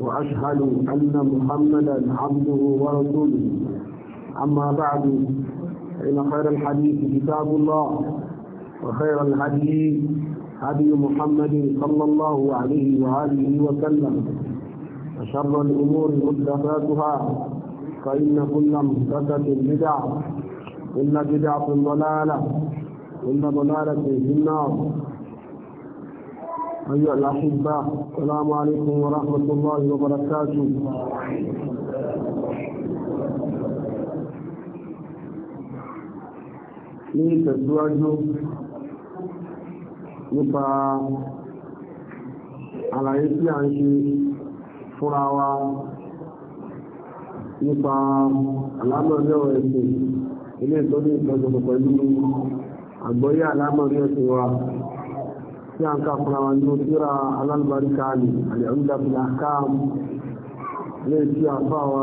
وأشهد أن محمدا عبده ورسوله أما بعد فإن خير الحديث كتاب الله وخير الهدي هدي محمد صلى الله عليه وآله وسلم وشر الأمور مدفاتها فإن كل محدثة بدعة إن بدعة ضلالة إن ضلالة في النار أيها الأحباء السلام عليكم ورحمة الله وبركاته ní ìtẹ̀síwájú nípa àlàyé tí a ń ṣe fúnra wa nípa àlámọ̀rí ọ̀rọ̀ ẹ̀sìn ilé ìtọ́jú ìtọ́jú pẹ̀lú àgbọ́yé àlámọ̀rí ẹ̀sìn wa tí a ń ká fúnra wọn ní ojúra alálùbáríkà ní àlẹ́ọ̀dàbìlà káàmù lẹ́ẹ̀tí àfáwà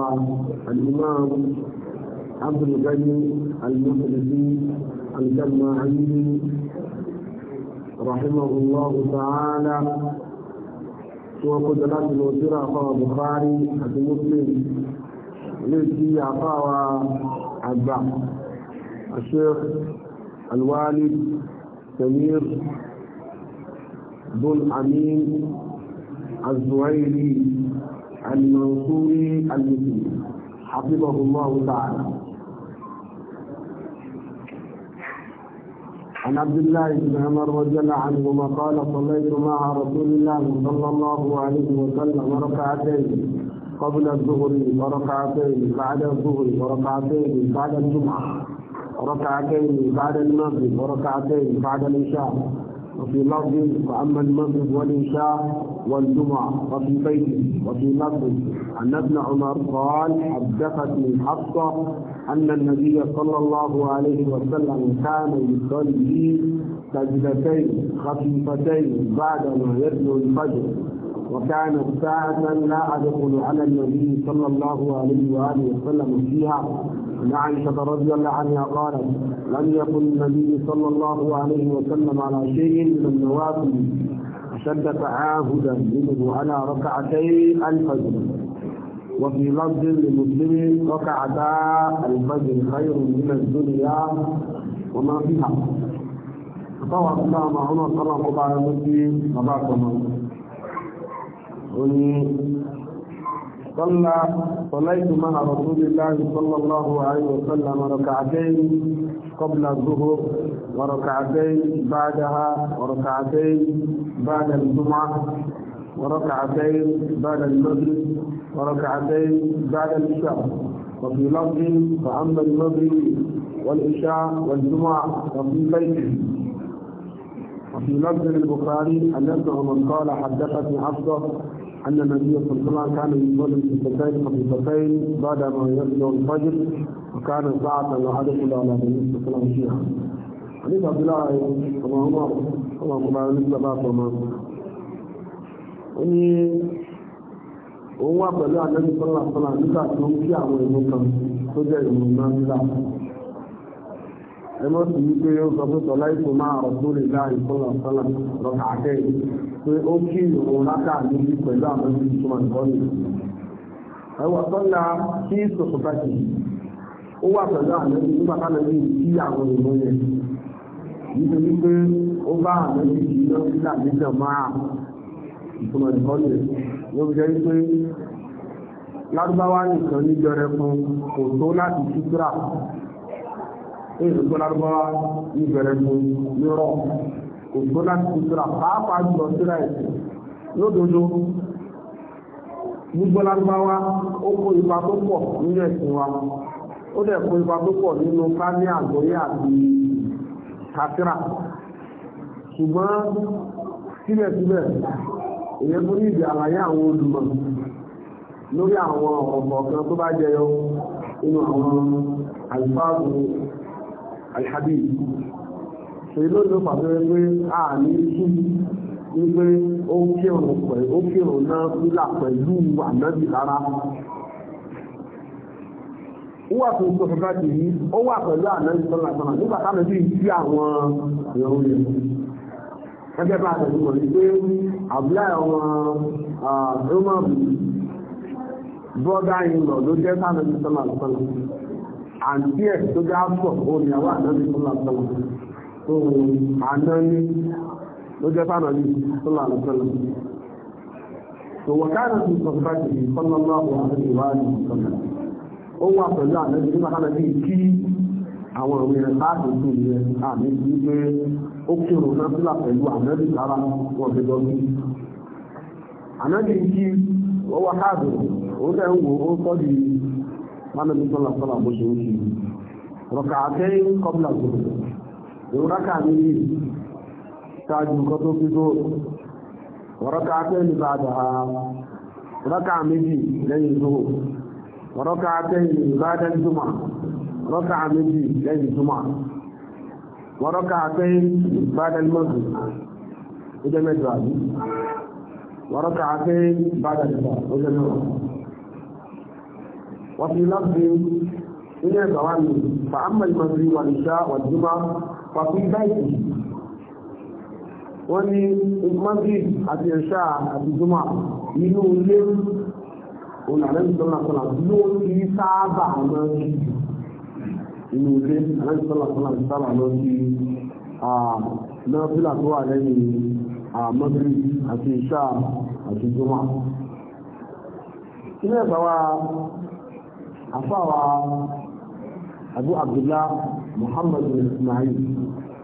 alìmọ́m abdulgani alìmọ́sílẹ̀sí alìjàmà ayílì rahimahullahu ta'ala tí wọ́n kó jọlá tí ojúra àfáwà bukhari àti muslim lẹ́ẹ̀tí àfáwà àgbà الشيخ الوالد سمير بن أمين الزهيري المنصوري المسلم حفظه الله تعالى عن عبد الله بن عمر رضي الله عنهما قال صليت مع رسول الله صلى الله عليه وسلم ركعتين قبل الظهر وركعتين بعد الظهر وركعتين بعد الجمعة ركعتين بعد المغرب وركعتين بعد العشاء وفي لفظ فأما المغرب والعشاء والجمعة وفي بيت وفي لفظ أن ابن عمر قال حدثتني حفصة أن النبي صلى الله عليه وسلم كان يصلي سجدتين خفيفتين بعد ما يطلع الفجر وكانت ساعة لا أدخل على النبي صلى الله عليه وآله وسلم فيها عن عائشة رضي الله عنها قالت لم يكن النبي صلى الله عليه وسلم على شيء من النوافل أشد تعاهدا منه على ركعتي الفجر وفي لفظ لمسلم ركعتا الفجر خير من الدنيا وما فيها فطوى السلام عمر صلى الله عليه وسلم وبعد صلى صليت مع رسول الله صلى الله عليه وسلم ركعتين قبل الظهر وركعتين بعدها وركعتين بعد الجمعة وركعتين بعد المغرب وركعتين بعد العشاء وفي لفظ فأما المغرب والعشاء والجمعة وفي بيته وفي لفظ البخاري أن من قال حدثني عبده أن النبي صلى الله عليه وسلم كان يصلي الفتتين خفيفتين ما يبدو الفجر وكان ساعة وأدخل على النبي صلى الله عليه وسلم فيها. حديث عبد الله وما عمر اللهم بارك لك بابا صلى الله عليه وسلم pẹ̀lú àdébí sọ́lá sọ́lá nígbà tí ó ń kí àwọn ìlú kan tó jẹ́ ẹmọ́ sì yí pé ó sọ pé sọlá ìfò máa ọ̀dọ́ lè dá ìfọ́lọ̀ sọ́lá lọ́kà àtẹ́ pé ó kí ìrùn láká níbi pẹ̀lú àwọn ibi ìtumọ̀ ìkọ́ni. ẹwà sọ́lá kí sọ̀tọ̀ bàtì ó wà pẹ̀lú àwọn ibi nígbà tá lẹ́yìn kí àwọn ìlú yẹn. nítorí pé ó bá àwọn ibi ìlú sílà nígbà máa ìtumọ̀ ìkọ́ni ló fi jẹ́ pé lárúbáwá nìkan níjọ rẹ fún kò tó láti ṣíkúrà e gbọ́dọ̀gbọ́dọ̀ ìbẹ̀rẹ̀ mú nírọ̀ kò gbọ́dọ̀ ti tura pàápàá jùlọ síra ẹ̀sìn lódodo gbígbọ́lágbá wa ó kó ipa tó pọ̀ nínú ẹ̀sìn wa ó dẹ̀ kó ipa tó pọ̀ nínú àti ṣùgbọ́n síbẹ̀síbẹ̀ èyẹ ìdí àlàyé àwọn olùmọ̀ lórí àwọn ọ̀pọ̀ kan tó bá alhabi èyí ló ló pàtó rẹ pé a ní kí wípé ó kírun pẹ̀lú ó kírun náà nílà pẹ̀lú ànábì rárá ó wà fún sọfọfọ ti yí ó wà pẹ̀lú ànábì sọlá sọlá nígbà táwọn sì ń kí àwọn èrò rẹ gẹ́gẹ́ bá àtẹ̀sí mọ̀ ní pé àbúlá àwọn roman brother in law ló jẹ́ sáà lọ́dún sọlá àǹtí ẹ̀ tó já pọ̀ tó tó ló jẹ́ tó tó wọ́n sọ fún báyìí sọ́lọ́lọ́ àwọn àti ìwádìí sọ́lọ́ ó wà pẹ̀lú ànábi nígbà fánàbí kí àwọn òwe rẹ̀ láti tó yẹ àmì sí pé ó kírun náà sílà pẹ̀lú ànábi sára wọn fi lọ kí ó ó ń ó di mọ́nà mi sọ́nà sọ́nà bó ṣe ń ṣe rọ̀kà àtẹ́yìn kọ́bùlà gbogbo ìrọ̀kà méjì ṣáájú nǹkan tó fi tó rọ̀kà àtẹ́yìn bá dà á rọ̀kà méjì lẹ́yìn tó rọ̀kà àtẹ́yìn bá dá jùmọ̀ rọ̀kà méjì lẹ́yìn jùmọ̀ rọ̀kà àtẹ́yìn bá dá mọ́tò ó jẹ́ àbí rọ̀kà àtẹ́yìn bá dá jùmọ̀ ó وفي لفظ من الزوال فأما المغرب والعشاء والجمعة ففي بيته wọ́n ní madrid àti ẹ̀ṣà àti juma inú ilé olùdàlẹ́sọ̀lọ́sọ̀lá ló ti sáábà máa ń inú ilé alẹ́sọ̀lọ́sọ̀lá ti sáábà máa ń fi náà fílà tó wà lẹ́yìn madrid àti ẹ̀ṣà àti juma. ilé ẹ̀fà wa àfáwà abu abdullah muhammad bin ismail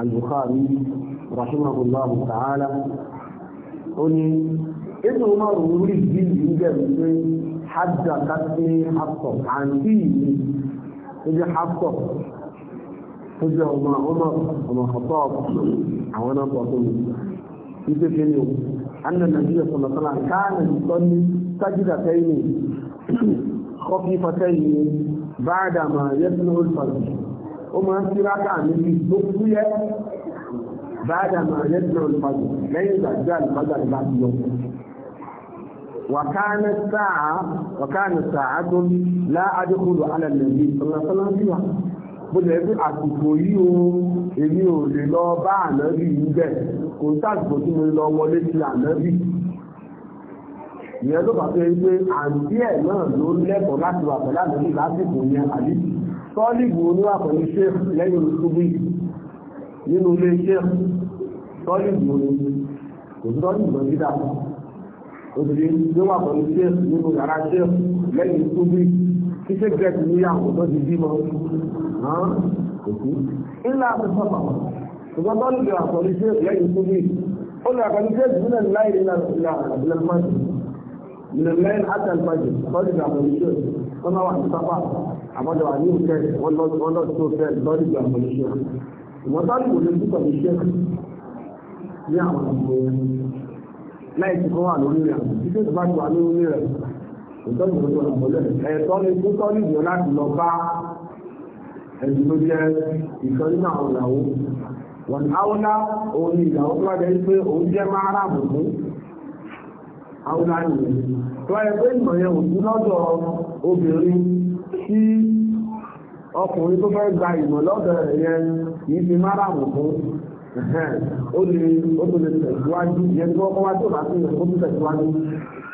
al-bukhari rahimahullah ta'ala ó ní ètò umar wúrí bí ìgbẹ́ wípé hajjá kásí hapsọ̀ àǹtí yìí ó jẹ́ hapsọ̀ tó jẹ́ ọmọ ọmọ ọmọ ọ̀pọ̀ àwọn náà pọ̀ tó mi wípé kí ni o خفيفتين بعدما يبلغ الفجر وما سراك من بقية بعدما يبلغ الفجر ليس جاء الفجر بعد يوم وكان الساعة وكان ساعة لا أدخل على النبي صلى الله عليه وسلم فيها bó lè fi àsìkò yìí o èmi ò lè lọ bá ànábì yìí bẹ́ẹ̀ kò sí àsìkò tí mo lọ wọlé sí ànábì ìyẹn ló bàtọ́ yìí pé àǹtí ẹ̀ náà ló lẹ́kọ̀ọ́ láti wà pẹ̀lú àmì lásìkò yẹn àbí tọ́lìbù oníwà pẹ̀lú sheikh lẹ́yìn olùsúgbì nínú ilé sheikh tọ́lìbù oní kò sí tọ́lìbù lọ dídà òṣèré níwà pẹ̀lú sheikh nínú yàrá sheikh lẹ́yìn olùsúgbì kí sheikh gẹ̀ẹ́sì níyàwó tó ti bímọ kò sí. ńlá àtúntò pàpà ṣùgbọ́n tọ́lìbù àpọ̀lú sheikh lẹ́yìn olùsúgbì ó lè àpọ̀lú sheikh nílẹ̀ láì من الليل حتى الفجر ضرب عمل الشيخ أنا واحد صفع عمل عليهم كان ولا ولا الصوت كان ضرب عمل الشيخ وطالب ولدته بالشيخ يعمل láì tí kọ́ wà lórí rẹ̀ títí tó bá ti wà lórí rẹ̀ ìtọ́jú tó lọ mọ́lẹ̀ ẹ̀tọ́ ni tó tọ́ ní ìyọ́ láti lọ bá ẹ̀sùn tó jẹ́ ìtọ́ nínú àwọn ìyàwó wọn áwọ́lá òun ni ìyàwó tó wájẹ́ pé òun jẹ́ máa rà bùkún àwọn àyè tó ẹ pé ìmọ̀ yẹn ò sí lọ́dọ̀ obìnrin tí ọkùnrin tó fẹ́ gba ìmọ̀ lọ́dọ̀ rẹ̀ yẹn kì Mara fi márààmù fún ó lè ó tó lè tẹ̀síwájú yẹn tí wọ́n kọ́ wá tó bá sí ìyẹn tó tẹ̀síwájú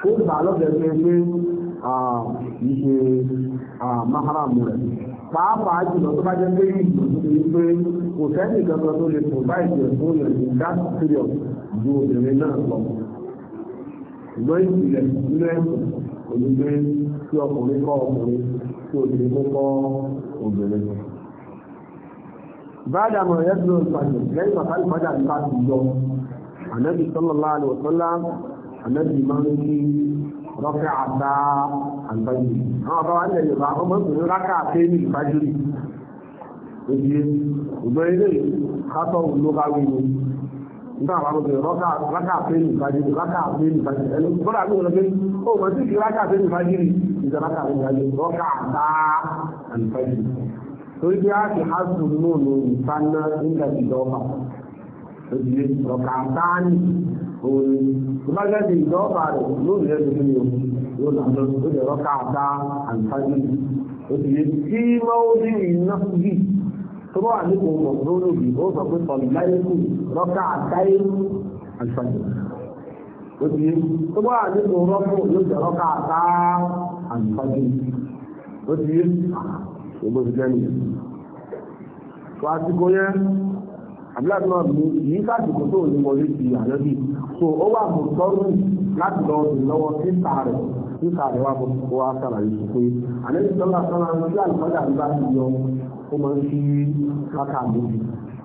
kó gbà lọ́dọ̀ rẹ̀ pé kì í ṣe márààmù rẹ̀ pàápàá jùlọ tó bá jẹ́ pé ìgbòho ti tó lè provide your own in that period ju obìnrin náà ṣùgbọ́n ìpìlẹ̀ ìpínlẹ̀ olùgbé tí ọkùnrin kọ́ ọkùnrin tí obìnrin tó kọ́ obìnrin. Báyà mọ̀ ẹ́ tó ìpàdé lẹ́yìn bàbá ìpàdé àdúrà ti yọ. Ànábì sallallahu alaihi wasallam, ànábì máa ń kí rọ́fẹ́ àdá àgbáyé. Àwọn bàbá ilẹ̀ Yorùbá ọmọ ìpínlẹ̀ rákà àti ní ìfàjúrì. Òjì ògbẹ́rẹ́ ká nígbà àwọn ọmọdé rọ́kà rákà fẹ́ẹ̀lì fàjìrì tó wọlé rọ́kà tá àlù fàjìrì. torí pé ń sáná nígbà tó bá wà ní kò mọ̀ lórí òbí ó sọ pé sọ̀rọ̀ láyé kù rọ́kà àtàyè àlùfáàjì ó ti tó bá wà ní kò rọ́pò yóò jẹ́ rọ́kà àtà àlùfáàjì ó ti gbogbo ti jẹ́ nìyẹn. Wà á ti kó yẹn àbíláàbí náà ní yìí sàdìkò tó ní wọlé ti àyọ́bí so ó wà mú sọ́rùn láti lọ sí lọ́wọ́ títà rẹ̀ títà rẹ̀ wà mú kó wá sàlàyé sí pé àlejò sọ́lá sọ́lá ń sí àlùfáàjà ń bá ti yọ ó máa ń fi rákà méjì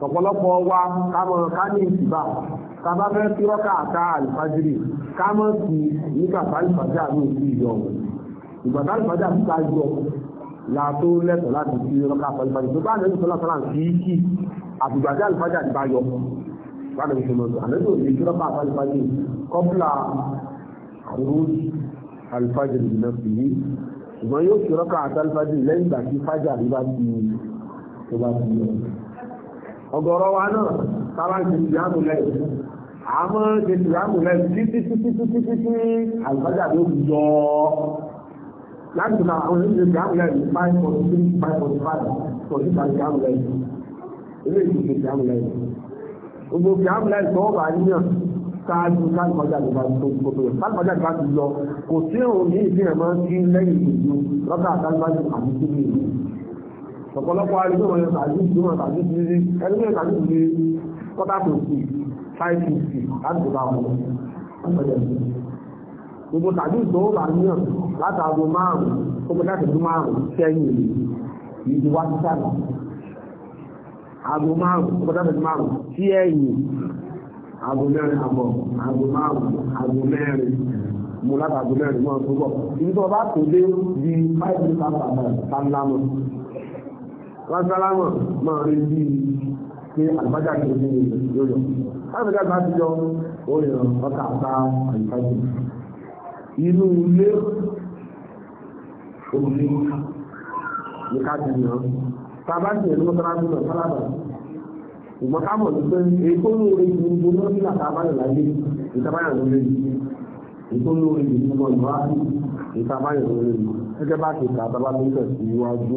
ọ̀pọ̀lọpọ̀ wa kámọ̀ ká ní ìsìbà tàbá fẹ́ fi rọ́kà àká àlùfájìrì kámọ̀ sí nígbà tàlùfájà ní ìlú ìyọ̀ ìgbà tàlùfájà ti ká yọ la tó lẹ́tọ̀ọ́ láti fi rọ́kà àlùfájìrì tó bá lẹ́yìn sọ́lá sọ́lá sí kí àtìgbà tí àlùfájà ti bá yọ báyìí ní sọmọdé àlejò lè fi rọ́kà àlùfájìrì kọ́pùlà àrùn àlùfájìrì nìyẹn ṣùgbọ́n yóò fi rọ́kà àlùfájìrì lẹ́yìn ìgbà tí fájà rí bá ti tó bá ti yọ. ọ̀gọ̀rọ̀ wa náà sábà ń ṣe ìyáàmù lẹ́yìn àmọ́ ṣe ìyáàmù lẹ́yìn títí títí títí títí àlùfájà ló ń yọ láti máa àwọn oníṣẹ́ ìyáàmù lẹ́yìn five forty three five forty five forty five ìyáàmù lẹ́yìn ilé ìṣèṣe ìyáàmù lẹ́yìn gbogbo ìyáàmù lẹ́yìn tó wà níyàn ṣáájú káàkọjá ló bá tó tó tó káàkọjá ló bá ti lọ kò sí òun ní ìfihàn máa ń kí lẹ́yìn ìlú lọ́kà àtàlùbájú àti síbi ìlú ọ̀pọ̀lọpọ̀ arìnrìn wọn yẹn tàbí ìlú bá wọn ọ̀pọ̀lọpọ̀ márùn-ún ó pẹ́ láti ọdún márùn-ún sẹ́yìn èyí ti wá sí sáà aago márùn-ún ó pẹ́ láti ọdún márùn-ún sí ẹ̀yìn aago mẹ́rin àbọ̀ aago márùn-ún aago mẹ́rin mo látàgbo mẹ́rin lágbàlámọ̀ máa rí bí pé àgbájá kìí ní yóyọ. láti dàgbà ti yọ orin ọkà àta àyíkájú. inú ilé òní ní ká ti yàn. tàbá ti ẹ̀rọ mọ́tàlájú náà sálábà. ìgbọ́n ká mọ̀ sí pé èkó lóore ju gbogbo ní àtàbáyọ̀ láyé ìtàbáyọ̀ lóore yìí. èkó lóore ju gbogbo ìwádìí ìtàbáyọ̀ lóore yìí. gẹ́gẹ́ bá ti kà àtàbá tó tẹ̀ iwájú.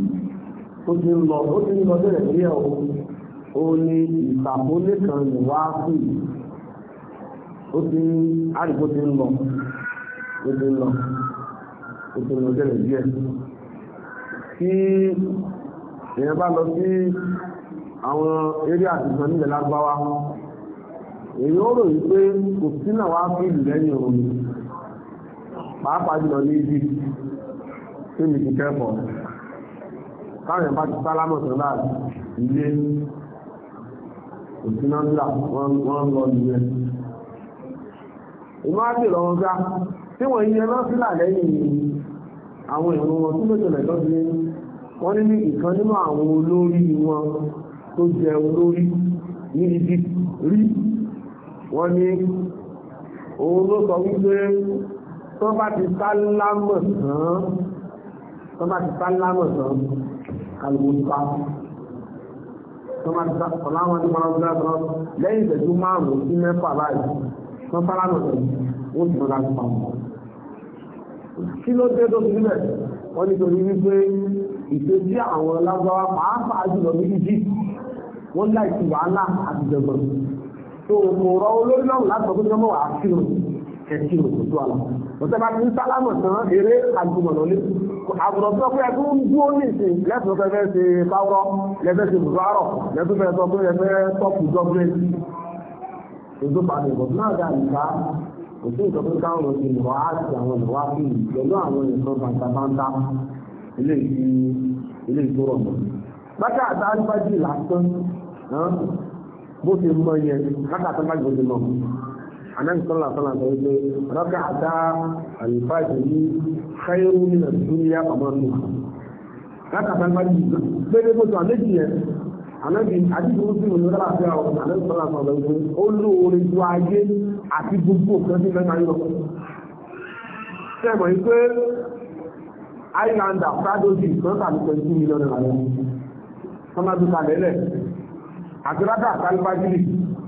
ó ti ń lọ ó ti lọ bẹ̀rẹ̀ ní ẹ̀ o ní ìsàpólé kan wá sí ó ti ń àdìgbò ti ń lọ ó ti ń lọ ó ti ń lọ bẹ̀rẹ̀ díẹ̀ tí èèyàn bá lọ sí àwọn eré àtìsàn nílẹ̀ lágbáwá èyí ó rò wípé kò sí náà wá sí ìlú lẹ́yìn òun pàápàá jùlọ ní ibi tí mi ti kẹ́kọ̀ọ́ táwọn èèyàn bá ti sálámọ̀ tó láàrín ilé òsínà ńlá wọ́n lọ nílé ìmọ̀ á bèèrè tí wọ́n yẹ lọ sílà lẹ́yìn àwọn ìwọ̀n wọn tó lójọ lẹ́tọ́ sí wọ́n ní ìkan nínú àwọn olórí wọn tó jẹ olórí ní ibi rí wọ́n ní òun ló sọ wípé tó bá ti sálámọ̀ tán tó ti sálámọ̀ tán àlùmọ́sá tọ́mà sọláwọn ní mọ́lọ́dúnlá lọ lẹ́yìn ìṣẹ́jú márùn-ún sí mẹ́fà báyìí wọ́n sára nà lọ wọ́n ti mọ́lá nípa wọn. kí ló dé tó fi níbẹ̀ wọ́n ní torí wípé ìṣesí àwọn lágbára pàápàá jùlọ ní Egypt wọ́n láì ti wàhálà àti jẹ̀gbọ̀n. tó kò rọ olórí náà látọ̀ tó jọmọ́ wà á kírun ẹtí òtútù àlà ọ̀sẹ̀ bá ti ń sálámọ̀ tán eré agbọ̀nà lé àbùrọ̀ sọ pé ẹtú ń dúró ní ìsìn lẹ́sùn fẹ́ fẹ́ ṣe fáwọ́ lẹ́fẹ́ ṣe bùrọ̀ àrọ̀ lẹ́tún fẹ́ sọ pé ẹfẹ́ tọ́pù dọ́gbẹ́ ètò pàdé ìbọ̀dún náà dà nìka kò sí ìtọ́pẹ́ káwọn ọ̀sẹ̀ ìwà àti àwọn ìwà bí pẹ̀lú àwọn ìṣọ́ bàtàbàtà ilé ìtòrọ̀ mọ́ bákà àtàlùfájì lásán bó ti mọ yẹn bákà anáǹkọ́lá sọ́lá sọ wípé rákà àtà àlùfáàjì ní káyọ̀rù nínú ìdúnyà ọmọ mi rákà àtàlùfáàjì péré bó tó àlejò yẹn ànábì àdìgbò sí òní rárá sí àwọn ànábì sọ́lá sọ́lá wípé ó lóore ju ayé àti gbogbo òkè sí mẹ́ta yìí lọ. sẹ́mọ̀ wípé islander pradoji kan tàbí pẹ̀lú mílíọ̀nù àwọn sọ́mádùkà lẹ́lẹ̀ àti rákà àtàlùfáàjì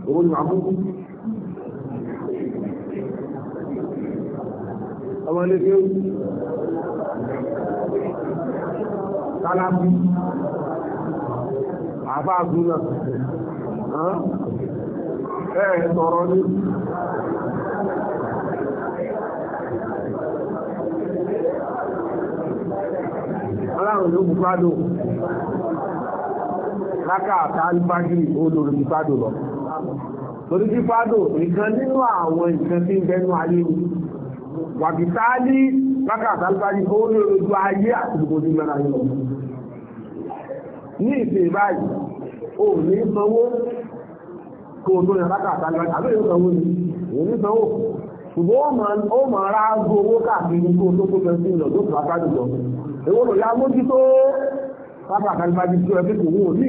òun ni àbúkú ọmọ ilé kéwù kálábù àbáàbù náà ẹ̀ sọ̀rọ̀ ní aláwọn ìlú bùfádò lákàtà alifájìrì olórí bùfádò lọ torí bùfádò nìkan nínú àwọn ìkan tí ń bẹnu ayé ni wàbìtáálí lákàtà àtàlùbárí ó ní ojú ayé àti gbogbo ní mẹ́ra yìí lọ ní ìsìn báyìí ó ní sanwó kó tó yàn lákàtà àtàlùbárí àbí yóò sanwó ni òun ní sanwó ṣùgbọ́n ó mọ̀ ra gbọ́ owó káàkiri kó tó kó fẹ́ sí ìlọ̀ tó fà sáájú lọ èwo lò ya mójútó pápá àtàlùbárí tó ẹgbẹ́ kò wọ́n ní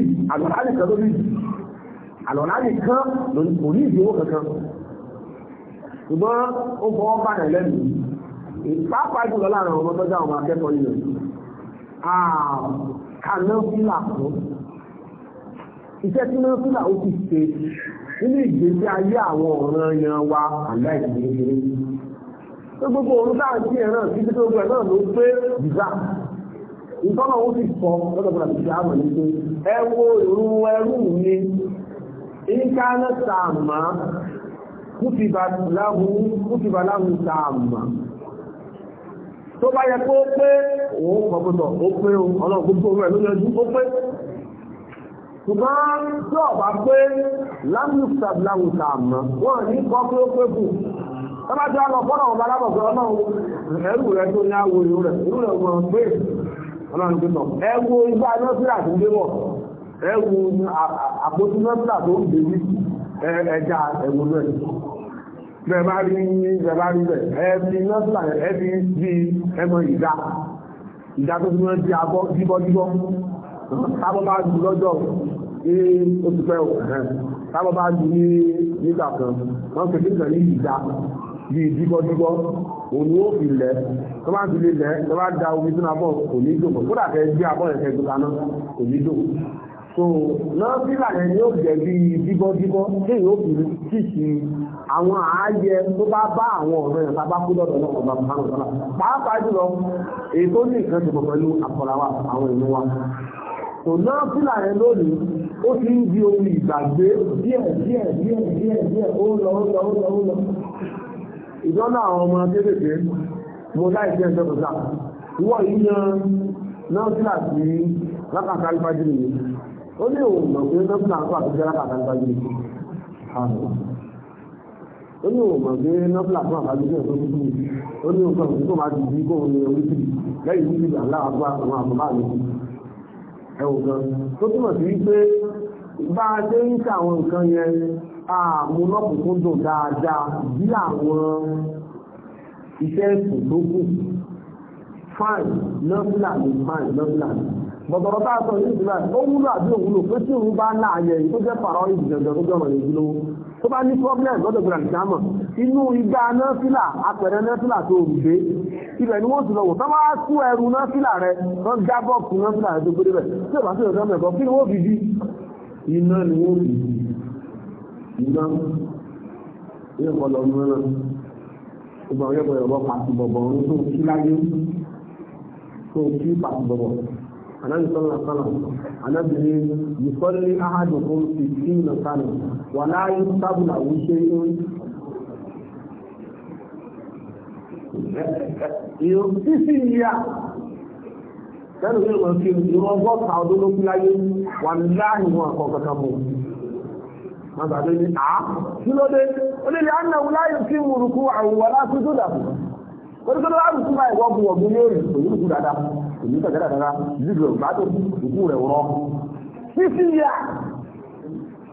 àlọ́lá nìkan ló kankan ṣùgbọ́n ó fọwọ́ bàrẹ̀ lẹ́nu pàápàá jùlọ láàrin ọmọ tó dáhùn akẹ́kọ̀ọ́ yìí rẹ̀ ah, kanáfílà fún iṣẹ́ tí náfílà ó ti ṣe nínú ìgbésí ayé àwọn ọ̀ràn yan wa aláìsíkéré tó gbogbo òun táà sí ẹ̀ràn títí tó gbẹ náà ló pé jìzá ìtọ́nà ó sì sọ lọ́dọ̀gbọ̀dà tó ṣe àmọ̀ ní pé ẹ wo ìrun ẹrú mi ní ká náà sàmà kútìbà láhù tààmà tó bá yẹ kó pé òun kọ̀pútọ̀ ó pé ọ̀nà gbogbo rẹ̀ ló yẹjú ó pé ṣùgbọ́n tí ọ̀bá pé láhù láhù tààmà wọ́n ní kọ́ pé ó pé kù tọ́bá jẹ́ ọlọ́ fọ́nà ọba alábọ̀gbọ́ ọlọ́run ẹrù rẹ̀ tó ní àwọ̀ ìrú rẹ̀ ìrú rẹ̀ wọ́n pé ọlọ́run pé náà ẹ wo igbá nọ́sílà tó ń gbé wọ̀ ẹ wo àpótí nọ́sílà tó ẹja ẹ̀wọ̀n náà bẹ̀rẹ̀ rí bẹ̀rẹ̀ rí bẹ̀ ẹbí nọ́sílà ẹbí bí ẹmọ ìdá ìdá tó túnmọ́ di abọ́ díbọ́díbọ́ tábọ́ bá jù lọ́jọ́ ní oṣù pẹ́ tábọ́ bá jù ní nígbà kan wọ́n pè nígbà ní ìdá bí díbọ́díbọ́ òun ó fi lẹ̀ tó bá ti lè lẹ̀ tó bá da omi sínú abọ́ kò ní dò kódà fẹ́ gbé abọ́ yẹn fẹ́ gbé kaná kò ní dò so nọ́ọ̀bílà rẹ̀ ni ó jẹ́ bí bíbọ́bíbọ́ tí yóò fi títí àwọn ààyẹ tó bá bá àwọn ọ̀rọ̀ ẹ̀ sábà kú lọ́dọ̀ náà ọba mọ̀hánù sọ́lá pàápàá jùlọ èyí tó ní nǹkan ṣùgbọ́n pẹ̀lú àkọlàwà àwọn ìlú wa so nọ́ọ̀bílà rẹ̀ lónìí ó ti ń di ohun ìgbàgbé díẹ̀ díẹ̀ díẹ̀ díẹ̀ díẹ̀ ó ń lọ ó ń lọ ó ń lọ ó ń lọ ìdánná àwọn ọmọ kéékèèké mo láì jẹ́ ìjọba ìwọ yìí yan nọ́ọ̀bílà sí lákàtà alifájì nìyí ó ní òun mọ̀ pé nọ́mbà àkọ́ àti jẹ́rà kàkà nípa yìí ó ní òun mọ̀ pé nọ́mbà àkọ́ àti jẹ́rà tó kúkú ó ní òun kọ̀ọ̀kan tó máa ti di kóun ní orí tìrì lẹ́yìn tí ìgbà ńlá àgbà àwọn àbúrò àlè ẹ̀wọ̀n kan tó túmọ̀ sí wípé bá a ṣe ń ṣe àwọn nǹkan yẹn àmúlọ́kùnkúndùn dáadáa bí àwọn iṣẹ́ ìsìn tó kù fáìn nọ́mbà ní fáìn nọ́mbà ní bọ̀dọ̀rọ̀ tá a sọ yìí sílẹ̀ ó wúlò àbí òwúlò pé tí òun bá ná àyẹ̀ yìí tó jẹ́ pàrọ̀ ìjọ̀jọ̀ tó jọ̀rọ̀ yìí lówó tó bá ní problem lọ́dọ̀ gbọdọ̀ ìdámọ̀ inú igba nọ́fìlà apẹ̀rẹ̀ nọ́fìlà tó rù dé ibẹ̀ ni wọ́n ti lọ wò tó bá tú ẹrù nọ́fìlà rẹ wọ́n já bọ́ọ̀kù nọ́fìlà rẹ tó gbé débẹ̀ tí ò bá sí ọ̀dọ́ mẹ́kọ̀ọ́ kí ni wọ́n fi bí iná ni wọ́n fi bí iná ní ọ̀pọ̀lọ̀ mìíràn ìgbà yẹ́bọ̀ yọ̀bọ̀ pàtì bọ̀bọ̀ ọ̀run tó kí láyé tó kí pàtì bọ̀bọ̀ anábì sọ́nà sọ́nà anábì ní ìsọ́lé ahadùkún ti sí nàkánà wà láàyè sábùlà wíṣẹ́ ìrìn sísí ìyá lẹ́nu ní ìwọ̀n fi ìrọ̀ ọgọ́ta ọdún ló kúláyé wà láàyè wọn àkọ́ kankan mọ́ wọn gbàgbé ní àá kí Kọ́dúkọ́dọ́ láti tún máa ìwọ́ bu ọ̀gbìn léèrè òní ìlú dáadáa, òní ìtọ́jà dáadáa, ìlú rẹ̀ bá tó ìkú rẹ̀ wọ́n. Fífi yà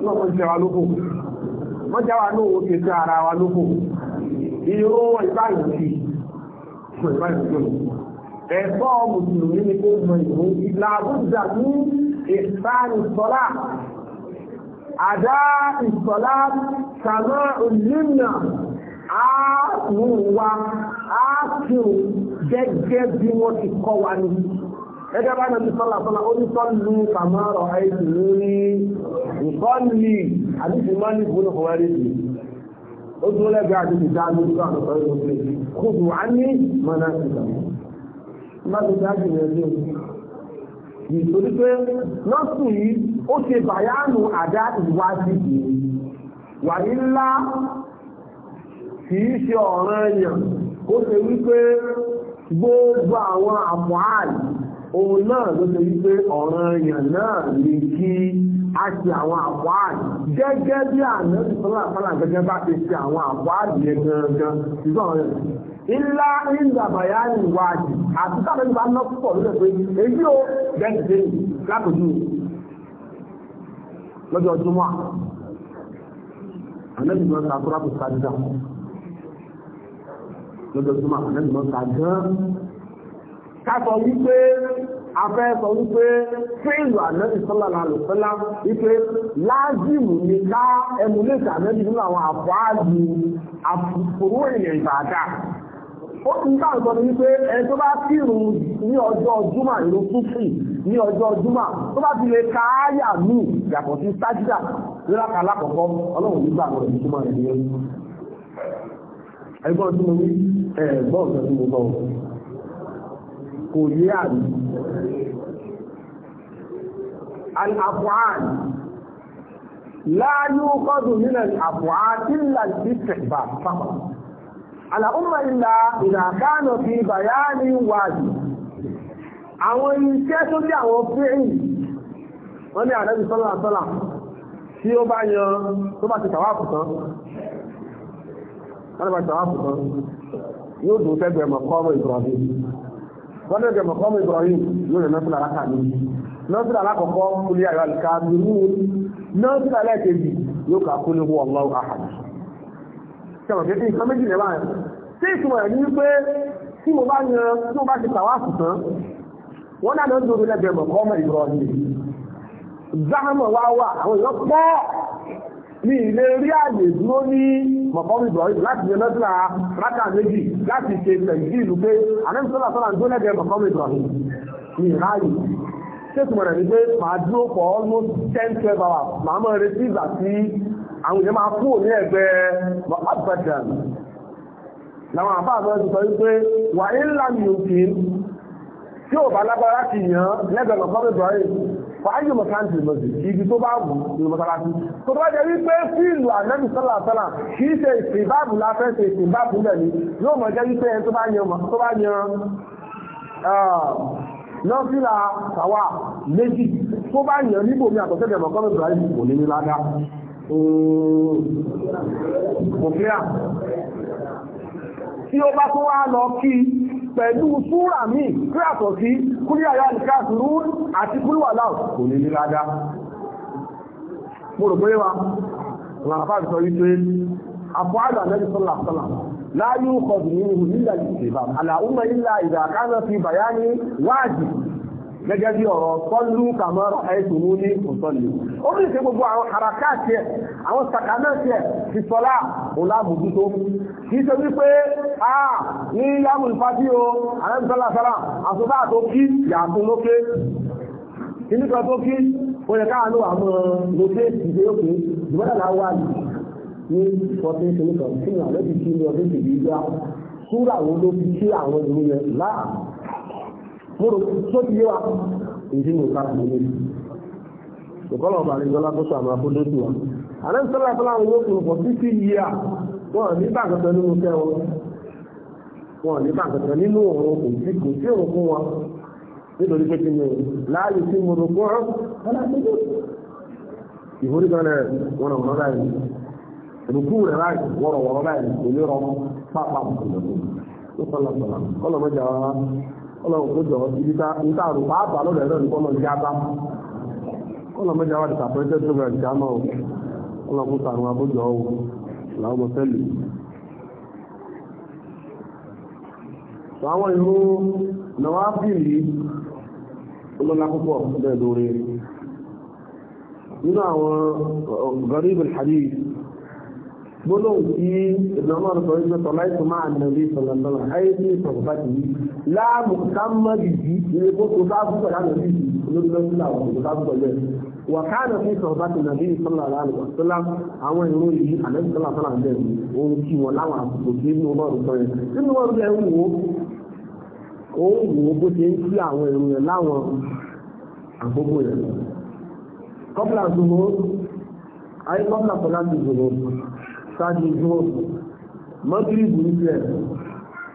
lọ́mọ ìṣẹ́ wa lóko. Wọ́n já wa ní owó ti ṣe ara wa lóko. Iye owó ìbáyọ̀ sí ìbáyọ̀ sí ẹ̀fọ́ mùsùlùmí ni kó mọ ìwò ìlàbùdà ní ìsáàrì sọ́lá àdá ìsọ́lá sàmọ́ òlìmnà á mú wa á gege gẹ́gẹ́ bí wọ́n ti kọ́ wa ni. Gẹ́gẹ́ bá nàbí sọ́lá sọ́lá kàmárọ̀ àìsàn lórí ìkọ́lì máa ní fún wáyé Ó lẹ́gbẹ̀ẹ́ dá lórí sọ́lá sọ́lá á ní mọ́nà ti pé yìí ó ṣe bàyánù àdá ìwádìí kìí ṣe ọ̀ràn èèyàn ó ṣe wípé gbogbo àwọn àmọ́àlì òun náà ló ṣe wípé ọ̀ràn èèyàn náà lè kí a ṣe àwọn àmọ́àlì gẹ́gẹ́ bí àná ìfọ́nlá àfọ́nlá gẹ́gẹ́ bá ti ṣe àwọn àmọ́àlì yẹn gangan ṣùgbọ́n ọ̀rẹ́ ilá ìgbàbàyà ìwádìí àti tábẹ́ nípa ná púpọ̀ lórí pé èyí ó bẹ́ẹ̀ ṣe lápòjú lọ́jọ́ júmọ́ àná ìgbàbàyà ìwádìí lójoojúmọ́ ànábì máa ń ka gan. ká sọ wípé afẹ́ sọ wípé fíìlù ànábì sọ́lá la lò sọ́lá wípé láàzìmù ni ká ẹmúlẹ̀tì ànábì nínú àwọn àfọ́àlù àfòrò èèyàn ìbàdà. ó ti ń bá nǹkan ni wípé ẹni tó bá kírun ní ọjọ́ júmọ̀ ìlú fúfì ní ọjọ́ júmọ̀ tó bá ti lè ka áyà míì yàtọ̀ sí sájídà lórí àkàlà àkọ́kọ́ ọlọ́run nígbà rẹ̀ ìjúmọ̀ rẹ̀ ẹgbọ́n tí mo wí ẹ̀gbọ́n kan tí mo bọ̀ kò yé àrí al-afu'an láàyò kọ́dù nínú al-afu'an tí láti tẹ̀gbà fáwọn alàúmà ìlà ìlàkánà fi bàyá ní wàdí àwọn iṣẹ́ tó jẹ́ àwọn fíìn wọ́n ní àrẹ́bìsọ́lá àtọ́là tí ó bá yan tó bá ti tàwà fùtán wọ́n bá tàwa fún wọn yóò dùn sẹ́gbẹ̀ẹ́ mọ̀kọ́mọ̀ Ibrahim wọ́n ní ẹgbẹ̀ẹ́ mọ̀kọ́mọ̀ Ibrahim yóò rẹ̀ mẹ́fìlà alákà mi nọ́ọ̀sì alákọ̀ọ́kọ́ kúlẹ̀ ayọ̀ àlùkà mìíràn nọ́ọ̀sì alákejì yóò kà kúlẹ̀ wọ ọlọ́wọ́ àhàdì. sọ̀rọ̀ kékeré nǹkan méjì lẹ́wà tí ìtumọ̀ ẹ̀ ní pé tí mo bá yan tí mo bá ti tàwa fún tán wọ́n náà lọ́dún orí lẹ́gbẹ̀ẹ́ mọ̀kọ́mọ̀ Ibrahim záhámọ̀ wá wà àwọn èèyàn pọ̀ ní ilé rí àyè dúró ní mọ̀kọ́rù ibrahim láti ṣe lọ́sílà rákà méjì láti ṣe tẹ̀sí ìlú pé àrẹ́mí sọ́là sọ́là ń dúró lẹ́gbẹ̀ẹ́ mọ̀kọ́rù ibrahim ní ìráyè ṣé tùmọ̀ rẹ̀ ni pé màá dúró for almost ten twelve hours màá mọ̀ retí ìgbà tí àwọn èèyàn máa kúrò ní ẹ̀gbẹ́ abadan làwọn àbá àwọn ẹ̀sùn sọ wípé wà ní ńlá mi ò kí tí ò bá lágbára ti yàn lẹ́gbẹ̀ẹ́ mọ̀kọ́rù ibrahim fàájì mọ̀sáǹtì lọ́sì ibi tó bá wù ní mọ́sálásí tó bá jẹ́ wípé fíìlù ànábì sọ́là sọ́là kì í ṣe ìsìnbáàbù láfẹ́ ṣe ìsìnbáàbù bẹ̀ ni yóò mọ̀ jẹ́ wípé ẹni tó bá yan tó bá yan lọ́fíìlà sàwà méjì tó bá yan níbo mi àtọ̀tẹ́ dẹ̀mọ̀ kọ́mọ̀ ibrahim kò ní ní ládá kò fíà tí ó bá tó wá lọ kí pẹ̀lú súrà míì tí àtọ̀ sí kúrí àyà nìkáàtì rúrú àti kúrúwà láò kò ní níláadá mo rò pé wa lànàfà sọ wípé àpọ́àdà lẹ́yìn sọ́là sọ́là láyé ń kọ̀ dùn nínú nílà ìṣèbà àlàúmọ̀ ilà gẹ́gẹ́ bí ọ̀rọ̀ sọ́lú kàmọ́rọ̀ ẹ̀sùn mú ní òsọ́lù ó bí ìṣe gbogbo àwọn àràkáàtì ẹ̀ àwọn sàkámẹ́sì ẹ̀ ti sọ́lá òlámùdútó kì í ṣe wípé a ní yàmùn fàtí o àwọn sọ́lá sọ́lá àsọ́bá tó kí yàtún lókè ìníkà tó kí ó yẹ káà ló àwọn lókè ìdè òkè ìbọ́dà láwà ní sọ́tí ìṣẹ́lẹ̀ kan sí àwọn ẹ̀bí kí ní ọdún ìbí gbá súrà wo ló fi kí àwọn ìlú yẹn láà mo rò tó ti yé wa èyí ni ká fi lébi ìkọlọ ọba àti ìjọba tó sọ àmà fúdó tù wa àlẹ́ sọ́lá fúlá àwọn yóò kúrò pọ̀ títí yìí à wọn ní bàtàtà nínú kẹ́ wọn wọn ní bàtàtà nínú òun kò sí kò sí òun fún wọn nítorí pé kí ni láàyè tí mo rò pọ̀ ọ́ ìforí kan rẹ̀ wọn ọ̀rọ̀ báyìí ìrùkú rẹ̀ báyìí wọ́rọ̀ wọ́rọ̀ báyìí kò ní rọ pápá òkùnkùn lọ́sọ̀lọ́sọ̀lọ́ kọ́lọ̀ mọ́jà wa ọlọ́run tó jọ ibi tá níta àrùn pàápàá lọ́dọ̀ ẹ̀rọ nìkan náà jábá kọ́nà mẹ́jọ wà nípa pẹ́ńtẹ́ tó bẹ̀rẹ̀ jámọ́ o ọlọ́run tó àrùn abójọ o làwọn ọmọ fẹ́ lè. àwọn ìlú náà fìlì olóla púpọ̀ bẹ́ẹ̀ lóore nínú àwọn uh, gharib al-hadith gbólóhùn tí ìdánwò sọ wípé tọ́lá ìtò máa nàbí sọ̀lọ̀sọ̀lọ̀ ayé tí ìtọ̀kọ̀ bá ti yí láàmù sámọ́ dìdí ilé kó tó sáàbù pẹ̀lú àmì sí olóògbé láwọn tó sáàbù pẹ̀lú ẹ̀. wàkánà fún ìtọ̀kọ̀ bá ti nàbí sọ̀lọ̀ àlọ́ sọ́lá àwọn ìró yìí àlẹ́bí sọ́lá sọ́lá bẹ̀ òun kí wọn láwọn àkókò tí inú wọn sọ yẹn nínú wọn bẹ ń wò ó ṣáájú ìjọ magrib ní tiẹ̀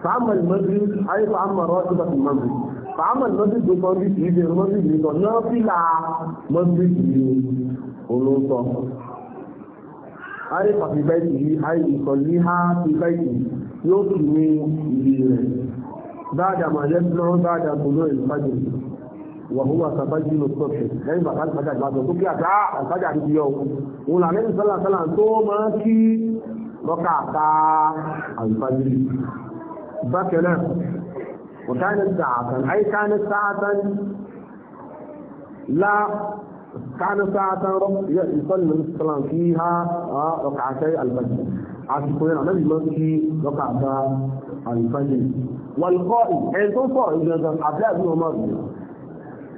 fàámàlì magrib ayé fàámàlì rọ́ọ̀tì bàtì magrib fàámàlì magrib tó sọ bí kìí ṣe magrib ní sọ náà fìlà magrib ní olóńtọ́ ayé pàfi báyìí yìí ayé ìsọ̀lí ha fi báyìí yóò tún ní ìlú rẹ̀ dáadáa màá yẹ fúnra dáadáa tó lóye ìfàjì wàhúwà sàbájú ló sọ̀tẹ̀ lẹ́yìn bàtà ìfàjà ìbàdàn tó kí àtà àtàjà àti ìyọ̀ òun làmẹ́rin sálà sálà tó máa kí lọ́kà àká àlùfájìrì bákan náà وكان ساعة أي كان ساعة لا كان ساعة رب يصلي النبي صلى الله عليه وسلم فيها ركعتي الفجر عاشقين النبي مكي ركعتا الفجر والقائم أي تنصر إذا عبد الله بن عمر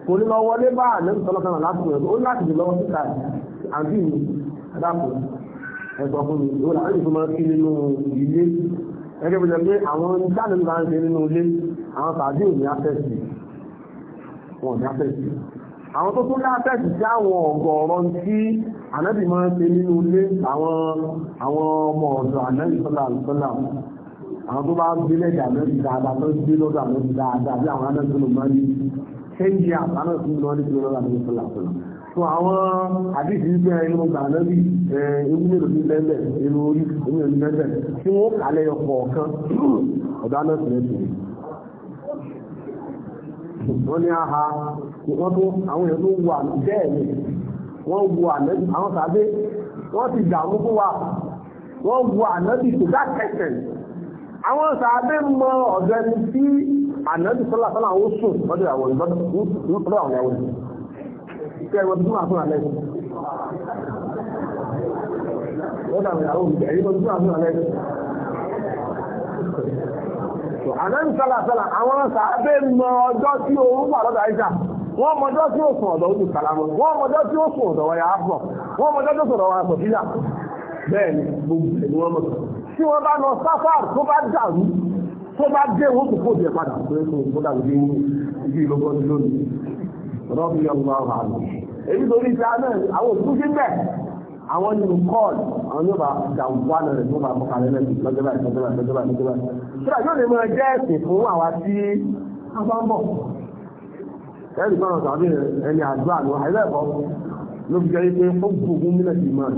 kò ní lọ wọlé bá àlẹ́ ìsọ́lọ́kan láti rẹ̀ ó láti lọ síta àbí ìdáàbò ẹgbọ́n fún mi ó làwọn ìfúnmọ́ sí nínú ilé gẹ́gẹ́ bí pé àwọn ìdáná ń bá ń ṣe nínú ilé àwọn tàbí ò ní afẹ́sì wọn ní afẹ́sì àwọn tó tún láfẹ́sì sí àwọn ọ̀gọ̀ọ̀rọ̀ tí ànábì máa ń ṣe nínú ilé àwọn àwọn ọmọ ọ̀dọ̀ ànábì sọ́là sọ́là àwọn tó bá ń gbé lẹ́jà ànábì dáadáa tó ń gbé lọ́dọ̀ ànábì dáadáa bí àwọn ànábì tó lò máa ń ṣe ń jẹ àbánà tó lọ so àwọn àdìsí gbé ẹnu gbànàbí ewúmẹ́lò ní lẹ́lẹ̀ inú orí ewúmẹ́lò ní lẹ́lẹ̀ tí wọ́n kàlẹ̀ ọkọ̀ kan ọ̀dá náà sì lẹ́tù wọ́n ní aha wọ́n tó àwọn èèyàn tó wà bẹ́ẹ̀ ni wọ́n wo ànábì àwọn sàbẹ́ wọ́n ti dààmú fún wa wọ́n wo ànábì tó dá kẹsẹ̀ àwọn sàbẹ́ mọ ọ̀dọ̀ ẹni tí ànábì sọ́lá sọ́lá àwọn sùn lọ́dọ̀ àwọn ìyàwó kẹwàá tó wà fún alẹ́ lọ́dà mi àwọn òbí ẹ̀yìn tó wà fún alẹ́ àná ń sálàsálà àwọn sàábé mọ ọjọ́ tí òun wà lọ́dà ìjà wọ́n mọjọ́ tí ó sùn ọ̀dọ̀ ojú kàlámọ́ wọ́n mọjọ́ tí ó sùn ọ̀dọ̀ wọ́n yà á bọ̀ wọ́n mọjọ́ tó sọ̀rọ̀ wọn àpọ̀bílà bẹ́ẹ̀ ni gbogbo ẹ̀ ni wọ́n mọ̀ tí wọ́n bá lọ sáfàr tó bá dàrú tó bá dé wọ́n kò kó díẹ̀ padà pé èyí lórí ìjà náà àwọn òtún sí bẹ́ẹ̀ àwọn ní kọ́ọ̀lù àwọn yóò bá jàǹkó àná rẹ̀ tó bá bọ́ kalẹ̀ lẹ́nu lọ́jọ́ báyìí lọ́jọ́ báyìí lọ́jọ́ báyìí lọ́jọ́ báyìí. sọ́dà yóò lè máa jẹ́ ẹ̀sìn fún àwa tí a bá ń bọ̀. ẹ̀rì gbọ́dọ̀ tàbí ẹni àdúrà ló àìlẹ́kọ̀ọ́ ló fi jẹ́ pé ó gbogbo mílẹ̀ sí máa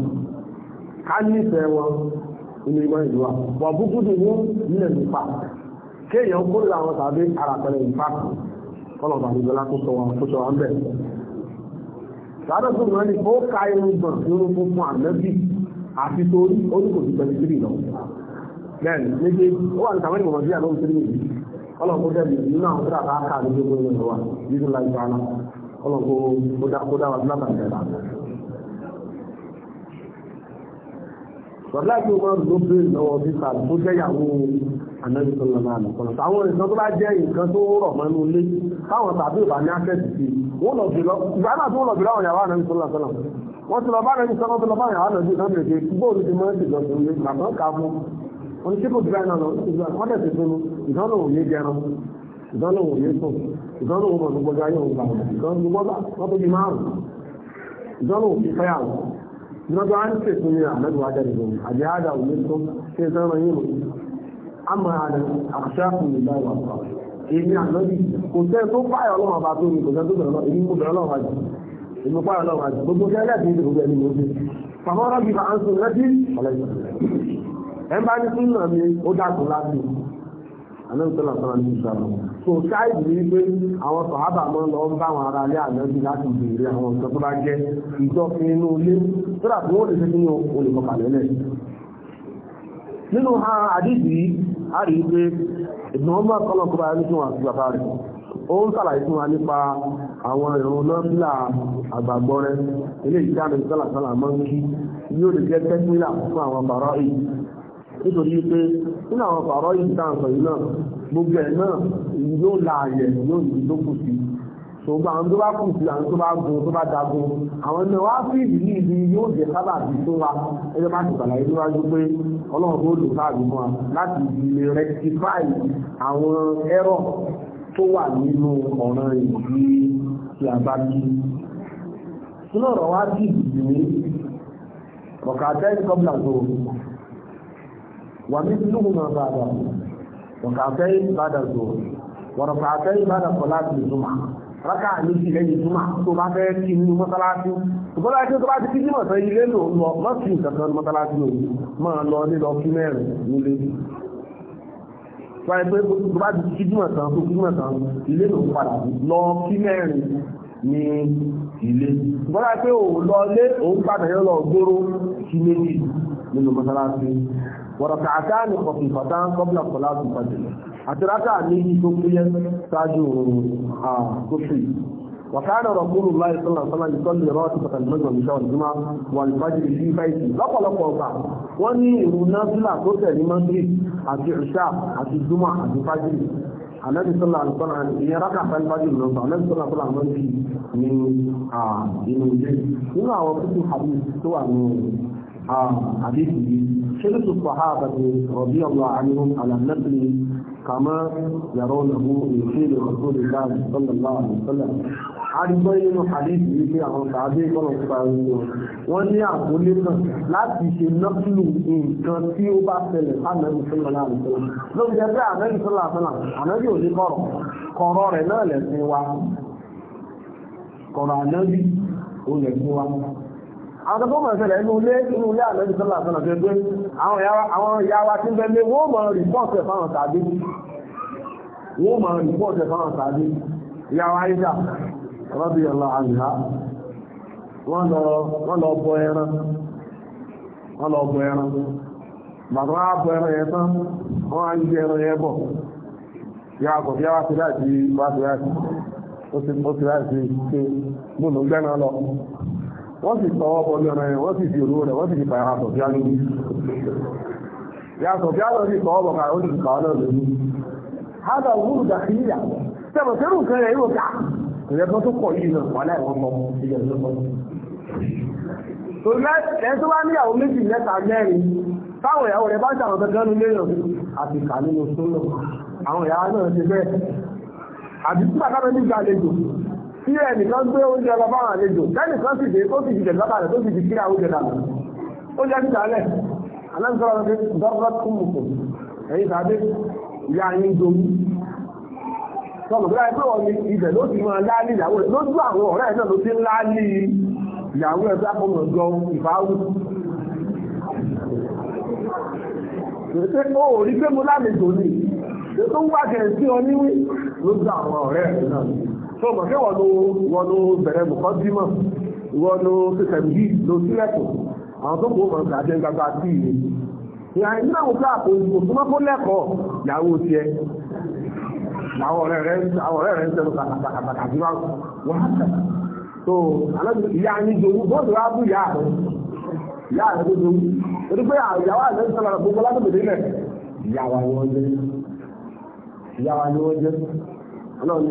ká nífẹ̀ẹ́ wọn inú ìmọ̀ ìlú wa wà búkúdù wọn nílẹ̀ nípa kéèyàn kó láàrín tó wọ́n ní ó ka irun gbọ̀n irun funfun ànábì àti torí orúkọ ti tẹ̀lé sílì lọ. bẹ́ẹ̀ni méje ó wà ní tàwọn ìmọ̀ràn sí àlóhùn sílì nìyí ọlọ́run kó dẹ̀bi nínú àwọn tó dàgbà ká àdúgbò gbogbo ìlú wa nínú láì bá wọn ọlọ́run kó dá wa sí látàkì ẹ̀dá. wàhálà tí ó máa ń lò pé lọ́wọ́ sísà tó jẹ́yàwó ànábì tó lọ́nà àlọ́kọ́lọ́ àwọn nǹkan tó bá jẹ́ nǹkan tó rọ̀ mọ́ inú ilé táwọn tàbí ìbá ní ákẹ́ẹ̀tì sí wọ́n lọ bí lọ ìgbà náà tó lọ bí láwọn yàrá ànábì tó lọ́nà sọ́nà wọ́n ti lọ bá ànábì sọ́nà tó lọ bá yàrá ànábì sọ́nà lè dé gbóòrò ti mọ́ẹ́sì lọ sí ilé làbọ́ ká fún wọn ṣé kò dúrà náà lọ wọ́n tẹ̀ sí sunu ìdánwò òye jẹran ìdánwò òye sùn ìdánwò òun mọ̀tò gbọdọ̀ ayé òun bàbà ìdánwò gbọdọ̀ wọ́n tó di márùn ìdánwò òfin fẹ́yàwó ìdánwò à ń ṣètò ní àmẹ́gbẹ̀wájà ìdánwò àjẹ́ àdà òye sùn ṣé ìdánwò yìí àmà àrẹ àṣàkùn ìgbà ìwà èmi ànábì kò sẹ́ tó páyọ̀ ọlọ́run àbá tó mi kò sẹ́ tó bẹ̀rẹ̀ lọ èmi kò bẹ̀rẹ̀ lọ́wọ́ àjù èmi páyọ̀ lọ́wọ́ àjù gbogbo sẹ́ ẹ̀dá kìí gbogbo ẹni mo ṣe pàmò rọ́bì bá ń sùn lẹ́tí ọ̀lẹ́sìn ẹ̀ ń bá ní sún náà mi ó dàgbò láti anẹ́sọ̀lá sọ̀rọ̀ ní ìṣàlọ̀. so ṣáìdì ní pé àwọn sọ̀hábà máa ń lọ ń bá àwọn ará ilé ànábì láti béèrè àwọn ọ̀sán tó bá jẹ́ ìjọ fi inú ilé tó tí wọ́n lè ṣe kí olùkọ́kàlẹ́lẹ̀ nínú ha àdíjì a rí pé ìgbìmọ̀mọ́ kọlọ̀kọba ní kí wọ́n àti bàbá rẹ̀ ó ń sàlàyé fún wa nípa àwọn ìrùn nọ́bílà àgbàgbọ́ rẹ̀ ilé ìjáde sálàsálà mọ́ kí yóò lè jẹ́ tẹ́sílà fún àwọn bàrọ́ yìí nítorí pé nínú àwọn bàrọ́ yìí dáǹsọ̀ yìí náà gbogbo ẹ̀ náà yóò la àyẹ̀ yóò ní lókùn sí tó gba àwọn tó bá kù sí àwọn tó bá gun tó bá dagun àwọn náà wá sí ìdílé ibi yóò jẹ sábà bí tó wa ẹgbẹ́ má ti sàlàyé níwájú pé ọlọ́run tó lò káàdì fún wa láti lè rectify àwọn error tó wà nínú ọ̀ràn ìdí tí a bá kí. sínú ọ̀rọ̀ wá sí ìdílé mi ọ̀kà àtẹ́yìn kọ́bùlà tó wà ní sínú ọ̀nà bàdà ọ̀kà àtẹ́yìn bàdà tó wọ̀rọ̀kà àtẹ́yìn bàdà kọ́lá tó zùmà rákà méjì lẹ́yìn túmọ̀ tó bá fẹ́ kí nínú mọ́sálásí ṣùgbọ́n láti tó bá ti kí nímọ̀ sọ ilé lò lọ mọ́sí nǹkan tó mọ́sálásí lò yìí máa lọ nílọ kí mẹ́rin nílé wáyé pé tó bá ti kí nímọ̀ tán tó kí nímọ̀ tán ilé lò padà lọ kí mẹ́rin ní ilé ṣùgbọ́n láti pé òun lọ lé òun padà yọ lọ gbóró kí méjì nínú mọ́sálásí wọ̀rọ̀ kàtá ní kọ̀fì fàtá kọ́bílà kọ̀lá àtìrákà méjì tó péye ṣáájú àkókò وكان رسول الله صلى الله عليه وسلم يصلي راتبة المغرب والعشاء والجمعة والفجر في بيته lọ́pọ̀lọpọ̀ ọ̀gbà wọ́n ní ìrun náfìlà tó tẹ̀lé mọ́ndé àti ìṣà àti jùmọ̀ àti fájìlì àlẹ́bí sọ́lá àlùfọ́nà ìyẹn rákà fẹ́ fájìlì lọ́sọ̀ àlẹ́bí sọ́lá sọ́lá mọ́ndé ní inú ilé nínú àwọn kúkú àbí tó wà ní àdéhùn yìí ṣé lóṣù sọ̀há àbàtì rọ̀bí ọ̀gbà àníhùn كما يرونه من حين رسول الله صلى الله عليه وسلم àrígbọ́ nínú hadith yìí pé àwọn tàbí ìkọlọ̀ pàrọ̀ wọ́n ní àkólé kan láti ṣe nọ́kìlù nǹkan tí ó bá ṣẹlẹ̀ sánàbì sọ́lá náà nìkan lóun jẹ́ pé ànábì sọ́lá sọ́lá ànábì ò ní kọ̀rọ̀ kọ̀rọ̀ rẹ̀ náà lẹ̀sìn wa àwọn tó mọ̀ ìṣẹ̀lẹ̀ inú ilé inú ilé àlẹ́jù sọ́lá àtọ́nà tó gbé àwọn ìyá wa tí ń bẹ lé wọ́n mọ̀ rìpọ́ọ̀tì ẹ̀ fáwọn tàbí wọ́n mọ̀ rìpọ́ọ̀tì ẹ̀ fáwọn tàbí ìyá wa Aisha rọ́bì ọ̀la àyíká wọ́n lọ bọ ẹran wọ́n lọ bọ ẹran bàbá wa bọ ẹran yẹn tán wọ́n á yí ẹran yẹn bọ̀ ìyá wa kò fi wá sí láti wá sí láti ó sì láti ṣe gbọ́dọ̀ gbẹ́ran lọ wọ́n sì sọ ọkọ̀ ní ọ̀nà wọ́n sì fi òru rẹ̀ wọ́n sì fi fàyà sọ̀ fíà lórí yàtọ̀ fíà lọ sí sọ ọkọ̀ ó sì fi fàyà lọ lórí hádà wúrù dàkìlíyà tẹ̀bọ̀ yóò ká tó yìí wà láì wọ́n mọ́ tó bá méjì mẹ́ta mẹ́rin táwọn ìyàwó tí ẹnìkan gbé oúnjẹ lọ báwọn àlejò tẹ́nìkan sì dé tó sì jìjẹ̀ lọ́bà rẹ̀ tó sì jì kíra oúnjẹ dànù ó jẹ́ ìdálẹ̀ alẹ́sọ̀rọ̀ ló fi dọ́gbọ́ tún mú kò ẹ̀yìn tàbí ìyá yín domi sọmọ bí wáyé pé wọn ni ibẹ̀ ló ti máa láálí ìyàwó ẹ̀ lójú àwọn ọ̀rẹ́ náà ló ti ń láálí ìyàwó ẹ̀ bá fọmọ jọ ìfáwù pé ó rí pé mo lálejò ni ètò ń gbàgẹ̀ sí ọ níwí lójú àwọn ọ̀rẹ́ náà tó mọ̀ pé wọ́n ló wọ́n ló bẹ̀rẹ̀ mọ̀kọ́ dímọ̀ wọ́n ló sísẹ̀m yìí ló sílẹ̀kùn àwọn tó kò mọ̀ sàdé gbagba sí ìlú ìhà ìlú àwọn tó àpò òṣùmọ́ kó lẹ́kọ̀ọ́ làwọn tiẹ̀ làwọn ọ̀rẹ́ rẹ̀ ń sẹ́nu kàkàkàkà bí wọ́n kà so alábi ìyá ni jòwú bọ́ọ̀lù wa bú ìyá rẹ̀ ìyá rẹ̀ tó jòwú torí pé ìyàwó àlẹ́ ń sọ̀rọ̀ gbogbo látòkèdè náà ìyá wa wọ́n jẹ́ ìyá wa wọ́n jẹ́ ọlọ́run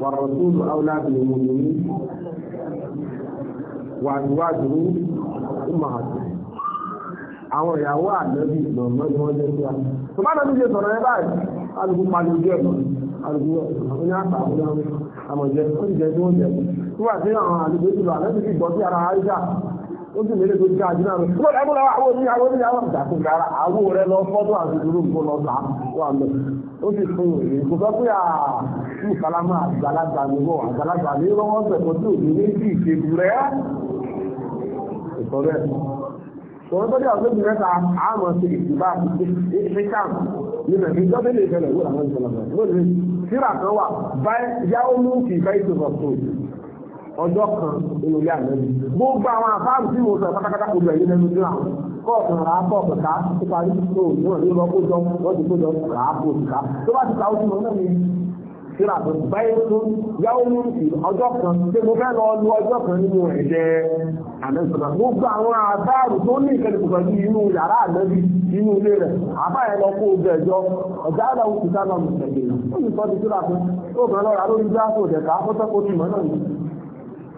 والرسول أولى بالمؤمنين وأزواجه أمهاتهم àwọn ìyàwó àlẹ́bí ìgbọ̀nmọ́ ni wọ́n jẹ́ sí wa tó bá lọ́dún ṣe sọ̀rọ̀ ẹ báyìí alùpùpù pàdé ojú ẹ̀mọ́ alùpùpù oní àtàwọn àmọ̀jẹ́ ó sì jẹ́ tí wọ́n jẹ́ tí wà sí àwọn àlùpùpù ìlú ti gbọ́ sí ara àìsà ó sì lérè tó já àjúná rẹ̀ tó lọ́wọ́ àwọn oníyàwó oníyàwó ìdàkùn gara àwọ̀ rẹ̀ lọ fọ́tò àti ìdúró lọ sá wà lọ ó sì fún òye kò sọ pé àtú ìfalamọ́ àgbàlagbà ni wọ́n àgbàlagbà ni wọ́n wọ́n sẹ̀kọ́ tí òbí ní sí ìṣèlú rẹ̀ ìtọ́ bẹ́ẹ̀ tó dé àwọn méjì mẹ́ta àmọ́ sí ìgbà ìfikàn nínú ẹ̀mí tó ọjọ́ kan nínú ilé àlẹ́bí gbogbo àwọn àfáàrù tí mo sọ pátápátá kò lọ yìí lẹ́nu sí àwọn kọ́ọ̀kan rà á kọ́ọ̀kan ká tó parí tó níwọ̀n ní lọ kó jọ wọ́n ti kó jọ rà á kó ká tó bá ti ka oṣù náà ní síra tó báyé tó yáwó ní ọjọ́ kan pé mo fẹ́ lọ lu ọjọ́ kan nínú ẹ̀jẹ̀ àlẹ́sọ̀nà gbogbo àwọn àfáàrù tó ní ìkẹlẹ̀ kò pẹ̀lú inú yàrá àlẹ́bí inú ilé rẹ̀ àbáyẹ lọ kó ojú ẹjọ́ ọ̀gá àdàwù ti sá náà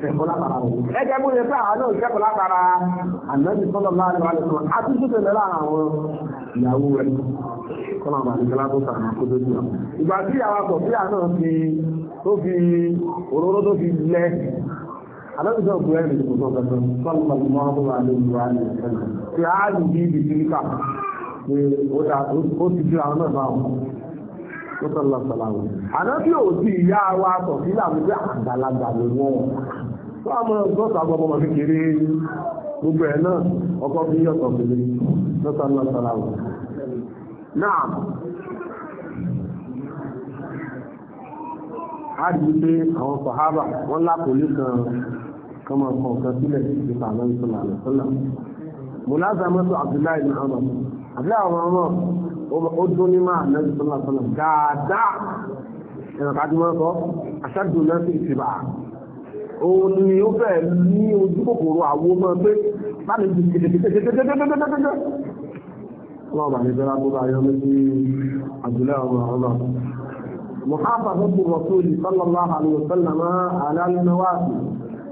kẹ́kọ̀ọ́ látara òun. ẹgẹ́ bó ṣe fẹ́ àwọn náà látara ànábì sọ́dọ̀ máa ní wàlẹ̀ sọ́dọ̀ àti àwọn ìyàwó rẹ̀ kọ́nà àwọn àdìgbẹ́lá tó sàn án kó tó ìgbà tí àwọn sọ̀fíà náà fi tó fi òróró tó fi lẹ àlọ́bí sọ̀rọ̀ kúrẹ́ rẹ̀ tó wà lórí tó sọ̀rọ̀ sọ̀làwọ̀. Ànábì ò sí ìyá wa sọ̀ sí ìlànà pé àgbàlagbà ló wọ́n. Tó àmọ́ gọ́ọ̀sà gbọ́ ọmọ kékeré gbogbo ẹ̀ náà ọkọ̀ fi yọ̀tọ̀ pèlè tó sọ̀rọ̀ sọ̀làwọ̀. Náà a rí pé àwọn sàhábà wọ́n lápòlé kan kọmọ kọ̀ọ̀kan sílẹ̀ nípa àwọn ìsọ̀làwọ̀ sọ̀làwọ̀. Mùlázàmọ́tò Abdullahi Muhammad àbí àwọn ọmọ ó dún ní máa nẹ́bí sọ́nà sọ́nà dáadáa ẹ̀rọ kájú mọ́ sọ aṣáájú náà sì ti bà á òun ni ó fẹ́ ní ojú kòkòrò àwo mọ́ pé láti ju kìtìkìtìkìtìkìtìkìtìkìtì ọlọ́run bàbá ìjọba tó bá yọ lórí àjùlẹ̀ ọmọ ọlọ́run muhafazatu rasuli sallallahu alaihi wasallam ala al-nawasi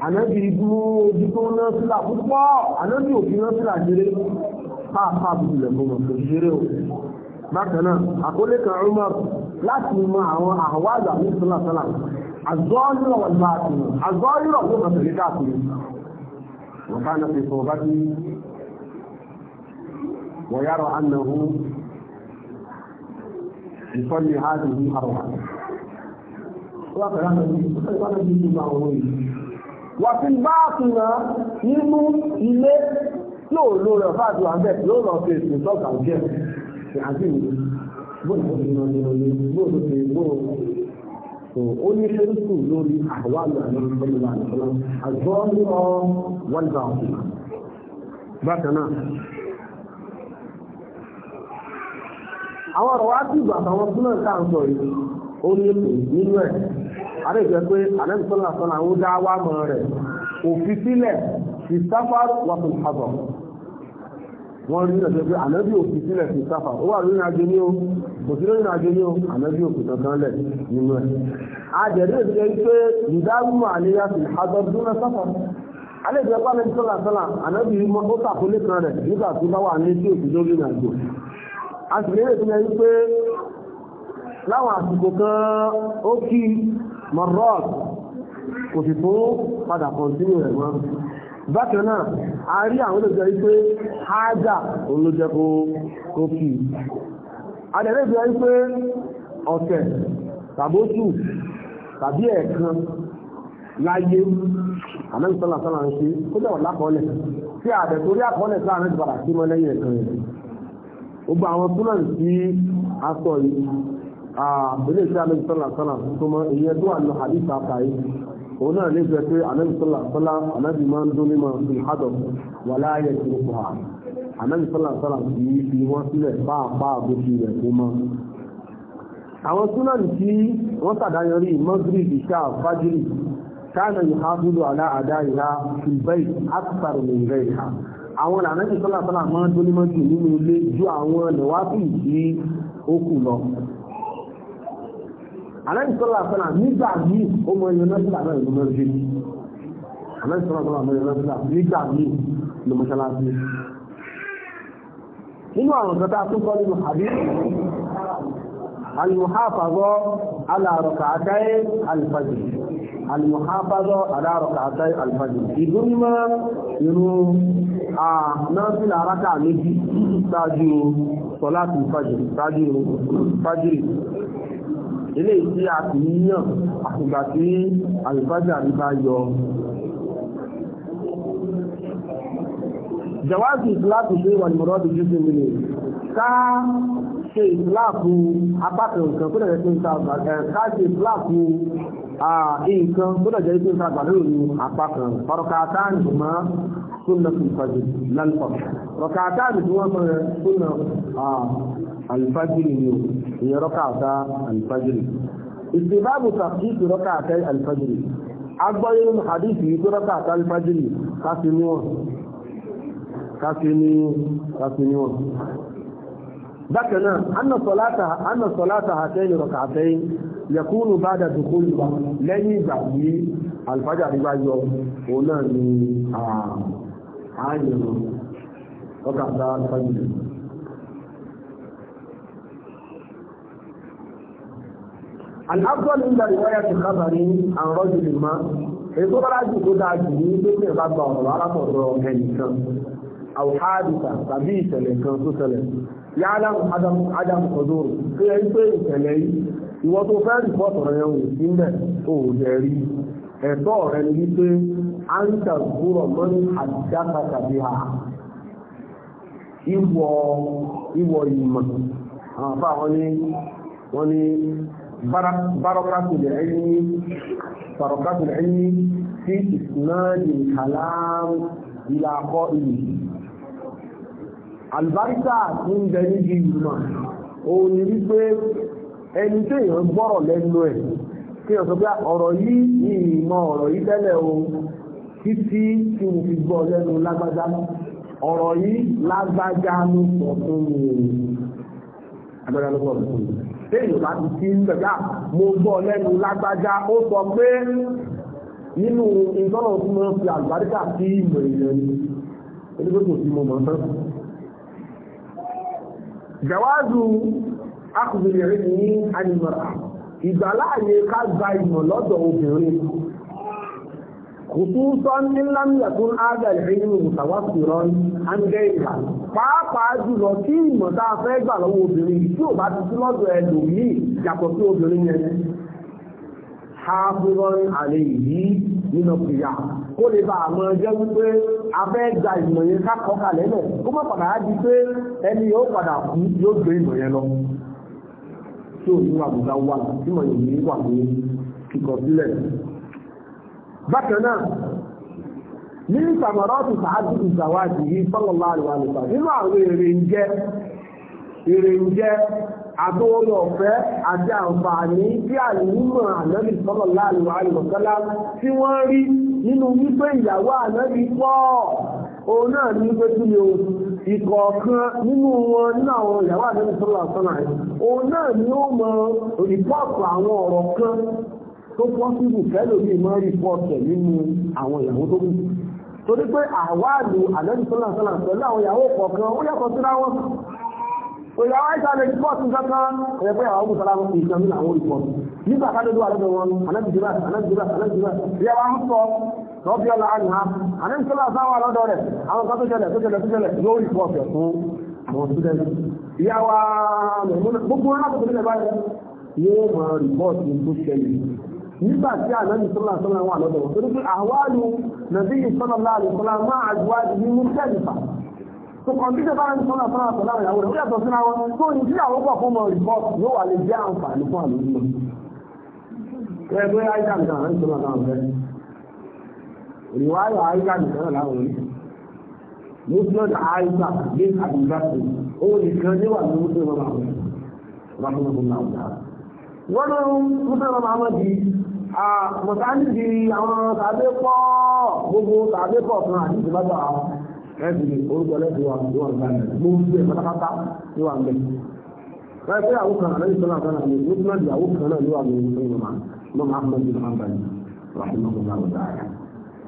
anabi ibu ojú tó ná sílà púpọ̀ anabi òfin ná sílà jẹrẹ pàápàá bùlẹ̀ mọ́ mọ̀ kòṣèré o bákan náà àkọlé kan Umar láti mọ àwọn àwàdà ní sọlásọlá àzọ́ọ́yìnrọ̀ wà bá àti àzọ́ọ́yìnrọ̀ ló kàn tẹ̀lé káàkiri wọ́n bá náà fi sọ bá ti wọ́n yára annahu ìfọ́lì hádìí ní àrùn wà fi bá àtúnà nínú ilé tí ò lo rẹ̀ fáàtì wà bẹ́ẹ̀ yóò lọ fi èsì sọ́ọ̀kà òjì ẹ̀ ṣe àti ìlú bóòlù nínú nínú ní bóòlù ti bóòlù tó ó ní ṣerúkú lórí àwọn àlọ́ àlọ́ ìgbẹ́lẹ́wà àlọ́ àgbọ́ ní ọ one thousand bákan náà àwọn ọ̀rọ̀ wá sí ìgbà àwọn súnmọ̀ tá à ń sọ yìí ó ní ètò nínú ẹ̀ àrẹ ìjọ pé àlẹ́sọ́lá sọ́nà ó dá wá mọ́ rẹ̀ òfin sílẹ̀ ìsáfà wàtò àbọ̀ wọ́n rí ìrẹsẹ̀ pé ànábì òfin sílẹ̀ sí sáfà ó wà lórí àjò ní o kò sí lórí àjò ní o ànábì òfin kankan lẹ̀ nínú ẹ̀. àjẹ̀dẹ́ ìṣe pé ìdáhùn àníyá sí àjọ̀dún náà sáfà àlejò ẹ̀pá ní sọ́là sọ́là ànábì mọ́ ó sàkólé kan rẹ̀ nígbà tó bá wà ní tí òfin lórí àjò. a sì lérè fún ẹni pé láwọn àsìkò kan ó kí mọ̀rọ́ọ̀t kò sì tún padà kọ̀ọ̀tínú bákan náà a rí àwọn olóòjọ́ wípé hájà òun ló jẹ́ kó kí adẹ̀lẹ́jọ́ wípé ọ̀tẹ̀ tàbótù tàbí ẹ̀ẹ̀kan láyé àmẹ́sọ́lá sọ́lá ń ṣe ó jẹ́ ọ̀lákọọ́lẹ̀ tí àbẹ̀ torí àkọọ́lẹ̀ sáà mẹ́jọ padà sí mọ́ lẹ́yìn ẹ̀kan òun náà ní sọ pé anabi sọlá sọlá anabi máa ń dún ní máa fi hádọ wà láàyè tí ó fà anabi sọlá sọlá kì í fi wọn sílẹ̀ pàápàá bó ti rẹ kó mọ. àwọn súnáàlì tí wọ́n sàdáyọrí mọ́gírì ìṣá fájírì káàna ìhábùlù àlá àdá ìhá ìbẹ́ì àtàrò nìgbẹ́ ìhá. àwọn anabi sọlá sọlá máa ń dún máa fi nínú ju àwọn àlẹ́sọ̀rọ̀ àfẹ́là nígbà míì ó mọ ẹyọ nọ́sílà náà ló mọ́jú àlẹ́sọ̀rọ̀ àfẹ́là mọ ẹyọ nọ́sílà nígbà míì ló mọ́ṣáláṣí. nínú àwọn kẹta tó kọ́ nínú àbí alimuhafazọ alárọ̀kà àtàyé alifajì alimuhafazọ alárọ̀kà àtàyé alifajì ìdúrúmọ́ irú a nọ́sílà arákà méjì ṣáájú sọlá ti fajì ṣáájú fajì eléyìí tí a ti yíyàn àtìgbà tí àlùfájà ní bá yọ jawaazi ìsìláàpù pé wà ní mọ̀rọ́dù jíjìn mi ni ká ṣe ìsìláàpù apákan nǹkan kó dẹ̀jẹ́ pé ń ta ká ṣe ìsìláàpù nǹkan kó dẹ̀jẹ́ pé ń ta gbàlérò ní apákan ọ̀rọ̀kàtà nìmọ̀ súnà fìfàjì lálùfọ̀ ọ̀rọ̀kàtà nìmọ̀ súnà alfajiri ni o ìyẹn rọ́kàtà alfajiri ìsìbáàbù tàkìtì rọ́kàtà alfajiri agbọ́yé nínú hadith yìí tó rọ́kàtà alfajiri káfí ní wọn káfí ní káfí ní wọn. bákan náà anna sọláta anna sọláta àtẹ́yìn rọ́kàtà yìí yakunu bada dùkú ìgbà lẹ́yìn ìgbà yìí alfajiri bá yọ òun náà ni ààyè rọ́kàtà alfajiri. الأفضل عند رواية الخبر عن رجل ما èso bára jù tó dáa jù ní pé kí ẹ bá gba ọ̀rọ̀ alákọ̀ọ́rọ̀ ẹnìkan àwòhádìsà tàbí ìṣẹ̀lẹ̀ kan tó ṣẹlẹ̀ yálà adam kọdọ̀rọ̀ tó yẹ pé ìṣẹ̀lẹ̀ yìí ìwọ tó fẹ́ rìpọ́tù rẹ̀ ò sí mbẹ̀ ò jẹ́ rí ẹ̀tọ́ rẹ̀ ni wípé à ń tàbúrọ̀ mọ́ní àdìjáta tàbí ha ìwọ ìmọ̀ àwọn afáwọn ni wọ́n ní بركة العلم بركة العلم في إسناد الكلام إلى قائله àlùbáríkà tí ń bẹ níbi ìgbìmọ̀ òun ni wípé ẹni tí èèyàn gbọ́rọ̀ lẹ́nu ẹ̀ kí èèyàn sọ pé ọ̀rọ̀ yìí ní ìmọ̀ ọ̀rọ̀ yìí tẹ́lẹ̀ o títí mo fi gbọ́ lẹ́nu lágbájá ọ̀rọ̀ yìí lágbájá ló sọ fún mi àgbàdá ló sọ fún téèyàn bá ti sí gbẹ̀gbà ah, mo gbọ́ lẹ́nu lágbájá ó sọ pé nínú ìtọ́nà tí mo fi àgbàríkà sí ìmọ̀ èèyàn ni onígbé kò sí mo mọ̀ tán. jàwáàzù akùnrin ní ànìmọ̀rà ìgbàláàyè ká gba ìmọ̀ lọ́dọ̀ obìnrin kò tún sọ ní lámìlẹ̀ tó ń ágà ìrìn ìmọ̀ mùsàwásì rán ángẹ́ ìlànà pàápàá jùlọ tí ìmọ̀ tá a fẹ́ gbà lọ́wọ́ obìnrin tí ò bá ti sí lọ́dọ̀ ẹlòmíì yàtọ̀ sí obìnrin yẹn hafizan àlè yìí nínú ìyá kó lè bá àmọ́ jẹ́ wípé a fẹ́ gba ìmọ̀ yẹn kákọ́ kalẹ̀ lẹ̀ kó má padà á di pé ẹni yóò padà kú yóò gbé ìmọ̀ yẹn lọ tí ò ní àbùdá wà tí mọ̀ yóò ní wà ní kíkọ sílẹ̀ bákan náà ní ìsàmọ̀rọ́tù sàájú ìzàwájì yìí sọ́lọ́lá àríwá nìta nínú àwọn èrè ń jẹ́ èrè ń jẹ́ àtòwòrò ọ̀fẹ́ àti àǹfààní tí àlùmọ̀ ànábì sọ́lọ́lá àríwá nìkọ́lá tí wọ́n rí nínú wípé ìyàwó ànábì pọ̀ òun náà ní pé kí ni o ìkọ̀ọ̀kan nínú wọn nínú àwọn ìyàwó ànábì sọ́lọ́lá sọ́lá yìí òun náà ni ó mọ rìpọ́ọ̀tù àwọn ọ̀rọ̀ kan tó pọ́sibù fẹ́lòmíì mọ́ rìpọ́ọ̀tù nínú àwọn ìyàwó tó kù torí pé àwáàlù àdẹ́sọ́lá sọ́lá pẹ̀lú àwọn ìyàwó kọ̀ọ̀kan ó yàtọ̀ síra wọn òyàwó àìsàlẹ̀ pọ́ọ̀tù kankan ẹ̀yẹ pé àwọn olùsọ́lá ìkan nínú àwọn olùkọ́ nígbà ká lójú àlọ́dọ̀ wọn anábìjìbá anábìjìbá anábìjìbá ìyá wa ń sọ rọ́bì ọ̀la àná anábìjìbá sáwọn àlọ́dọ̀ rẹ̀ àwọn kan tó ṣẹlẹ̀ tó ṣẹlẹ̀ tó ṣẹlẹ̀ yóò rí pọ́ọ̀tù fún àwọn student ìyá wa gbogbo ọlọ́pàá tó ṣẹlẹ̀ báyìí yóò mọ rìpọ́ọ̀tù tó ṣẹlẹ̀ nígbà tí ànábì sọ́lá sọ́lá wà lọ́dọ̀ wọn torí pé àwálù nàbí sọ́lá láàrin sọ́lá máa àjùwájú ní mùsẹ́lìfà tó kọ̀ǹpútà bá ń sọ́lá sọ́lá sọ́lá ìyàwó rẹ̀ ó yàtọ̀ síra wọn tó ní tí àwọn pọ̀ fún ọmọ rìpọ́t yóò wà lè jẹ́ àǹfààní fún àlọ́ ìlú ẹgbẹ́ àyíká nìkan àrẹ sọ́lá náà fẹ́ ìwáyọ̀ àyíká nìkan láwọn orí muslim àyíká bí àbúgbàtì ó nìkan níwà ní muslim ọmọ àwọn ọmọ àwọn ọmọ àwọn ọmọ mọ̀sáńdì àwọn tàbí pọ̀ gbogbo tàbí pọ̀ fún àdìsí bá bá wọn ẹ̀sìn orúkọ lẹ́sìn wa ló wà nígbà náà gbogbo ẹ̀ pátápátá ló wà níbẹ̀. láì pé àwọn kan àlẹ́ ìṣọ́nà kan náà ní ìlú náà di àwọn kan náà ló wà ní ìlú ìmọ̀mà lọ́mọ akọ́jú náà bá yìí láti lọ́mọ náà lọ́dà rẹ̀.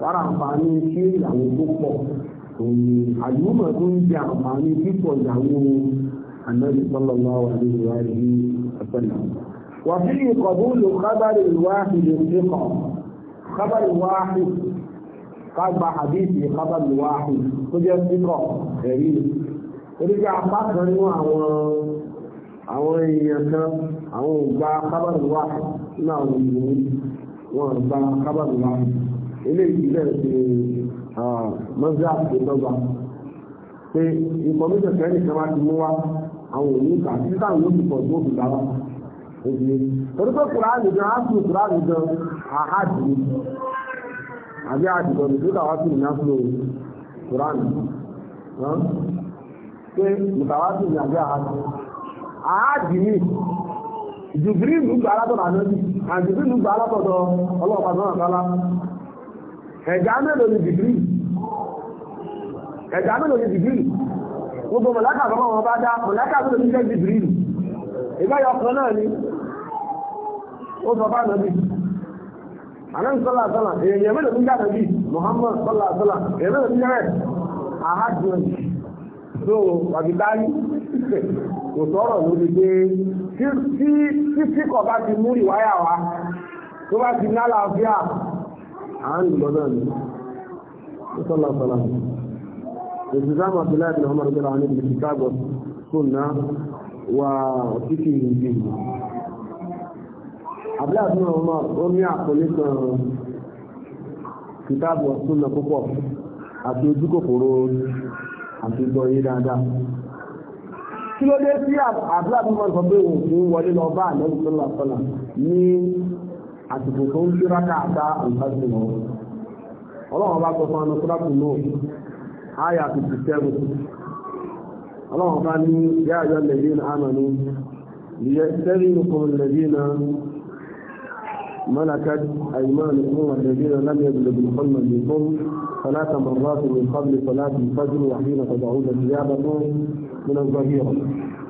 wàrà àǹfààní ṣé ìyàwó tó pọ̀ òní tó ń jẹ àǹfààní pípọ̀ ìyàwó àná ìṣọ́lọ́lọ́ wà ní ìwádìí وفيه قبول خبر الواحد الثقة خبر الواحد قد حديث خبر الواحد تجي الثقة غريب oríṣi apá kan nínú àwọn àwọn èèyàn kan àwọn ògbà kábàdùwà nínú àwọn ìlú wọn gba kábàdùwà eléyìí bẹ́ẹ̀ ṣe mọ́sá tó dọ́gba pé ìfọ̀míṣẹ̀ kẹ́rin kan wá ti mú wá àwọn òní kà títà yóò ti pọ̀ tó fi dára. èdè orúkọ kùránì gan áṣù kùránì gan àhádì àbí àdìgbò nìkúta wá sí ìnáfúlò kùránì pé mùtàwásì ní àbí àhádì àhádì ní jùbírìlù gba alátọ̀dọ̀ ànábì àjùbírìlù gba alátọ̀dọ̀ ọlọ́ọ̀pá náà kálá ẹ̀dá mélòó ni jùbírìlù ẹ̀dá mélòó ni jùbírìlù gbogbo Mọlaka àbámọ̀ wọn bá dá ìbáyọ̀ kan náà ni ó sọ bá nàbí àná sọ́là sọ́là èèyàn mẹ́lẹ̀ tó ń jáde bí Muhammad sọ́là sọ́là èèyàn mẹ́lẹ̀ tó ń jáde àhádùn so àbítáyì kò sọ̀rọ̀ lórí pé tí kíkọ̀ bá ti mú ìwáyà wa tó bá ti ní àlàáfíà à ń lọ náà ni ó sọ́là sọ́là èsì sáà mọ̀ وفكره فيه Abdullahi bin Umar ó ní àkọlé kan kìtàbù ọ̀tún lọ púpọ̀ àti ojúkòkòrò àti ìgbọ̀nyé dáadáa. Kí ló dé sí Abdullahi bin Umar sọ pé òun kò wọlé lọ bá àlẹ́ ìṣẹ́lá sọ́là ní àsìkò tó ń kíra káàtá àǹtàṣì lọ. Ọlọ́run bá sọ fún ọmọ Sọ́lá Tùnú, Aya 57. ọlọ́run bá يا ايها الذين امنوا náà الذين ملكت أيمانكم والذين لم يبلغوا الحلم منكم ثلاث مرات من قبل صلاة الفجر وحين تدعون ثيابكم من الظهيرة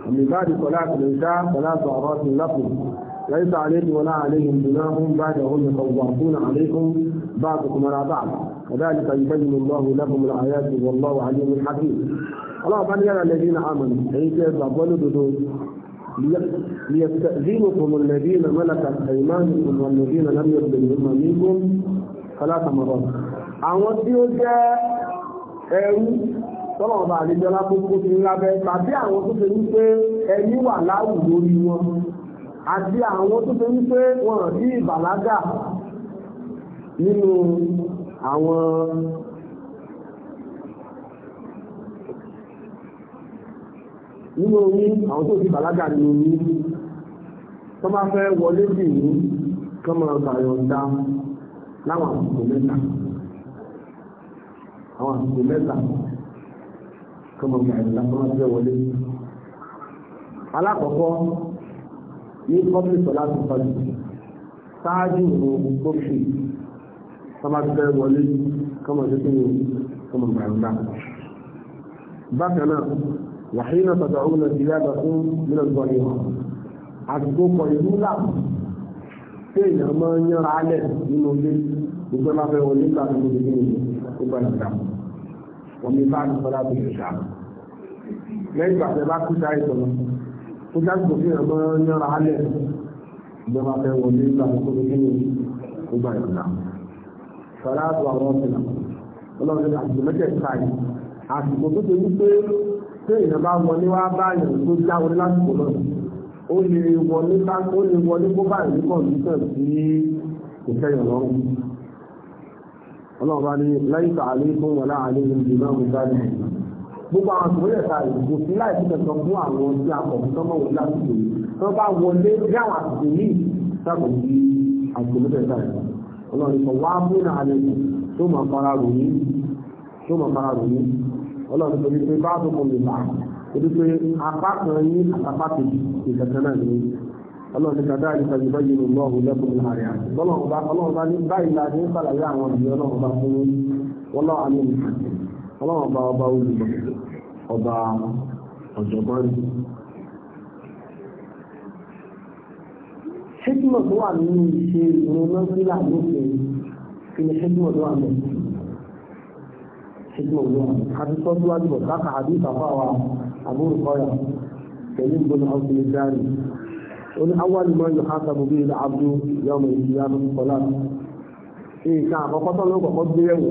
ومن بعد صلاة العشاء ثلاث عرات لكم ليس عليكم ولا عليهم جناح بعدهم يطوفون عليكم بعضكم على بعض كذلك يبين الله لكم الآيات والله عليم حكيم الله قال يا الذين آمنوا أي تقبلوا ليستأذنكم الذين ملكت أيمانكم والذين لم يقبلهم منكم ثلاث مرات àwọn tí ó jẹ́ ẹrú tọ́lọ̀ọ̀bà àlejò alákòókò ti ń lábẹ́ tàbí àwọn tó ṣe wípé ẹni wà láwù lórí wọn àti àwọn tó ṣe wípé wọn rí ìbàlágà nínú àwọn nínú orí àwọn tó ti bàlágà nínú orí tó bá fẹ́ wọlé bì ní kọmọ ọgbàyọ̀ǹda láwọn àsìkò mẹ́ta àwọn àsìkò mẹ́ta kọmọ ọgbàyọ̀ǹda tó bá fẹ́ wọlé alákọ̀ọ́kọ́ ní public sọlá tó kọjú ṣáájú òun tó fi sọmá fẹ́ wọlé kọmọ tó kí ni kọmọ gbàgbà bákan náà wàhíìnà tọ̀tọ̀ òun náà ti yàtọ̀ fún mílẹ̀ gbọ́n yìí àsìkò kọ̀ ìlú là tí èèyàn máa ń yánra alẹ̀ nínú ilé gbogbo máa fẹ́ wọlé nígbà tó kí ni gbogbo àgbà wọn mi bá ní sọlá tó yẹ ṣáà lẹ́yìn ìgbà tẹ bá kú sáré sọ̀rọ̀ tó dágbò sí ẹ̀mọ́ yára alẹ́ ìjọba fẹ́ wọlé ìgbà tó tó kíni ó gbà ìgbà sọ̀rọ̀ àti àwọn ọ̀sìnà ọlọ́run ní àti mẹ́tẹ̀ẹ̀ta yìí àsìkò tó ti wí pé pé èèyàn bá wọlé wá báyìí tó já wọlé lásìkò náà ó lè wọlé bá ó lè wọlé kó báyìí ní kọ̀ǹtàn sí kò kẹyọ̀ lọ́rùn ọlọ́run bá ní láìsà àlékún wọlé àlékún jù náà mú dáadáa gbogbo àwọn àtúnwélẹ̀ ta ìdìbò sí láì tẹ̀sán fún àwọn tí a lásìkò yìí bá wọlé àwọn yìí sábà ìdìbò ọlọ́run wá náà lè tó mọ̀ fara tó mọ̀ fara ọlọ́run bá tó kọ̀ lè bá ebi pé ọlọ́run ọba ọba olùmọ̀ ọba ọ̀jọ̀gbọ́n rí ṣẹ́kìmọ̀ tó wà nínú ìṣe ìrònà sílà lókè kí ni ṣẹ́kìmọ̀ tó wà mẹ́ ṣẹ́kìmọ̀ tó wà mẹ́ àti sọ́jú wájú bọ̀ káka àbí ìfàfà wa àbúrò kọ́yà pẹ̀lú ìgbóná ọ̀sùn ní dáàrí ó ní awọ́lù mọ́ ìlú hasabu bíi ilẹ̀ abdul yọmọ ìlú yàtọ̀ kọ́lá àkọ́kọ́ tó ló kọ́kọ́ gbé yẹ̀wò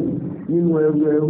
nínú ẹrú ẹrú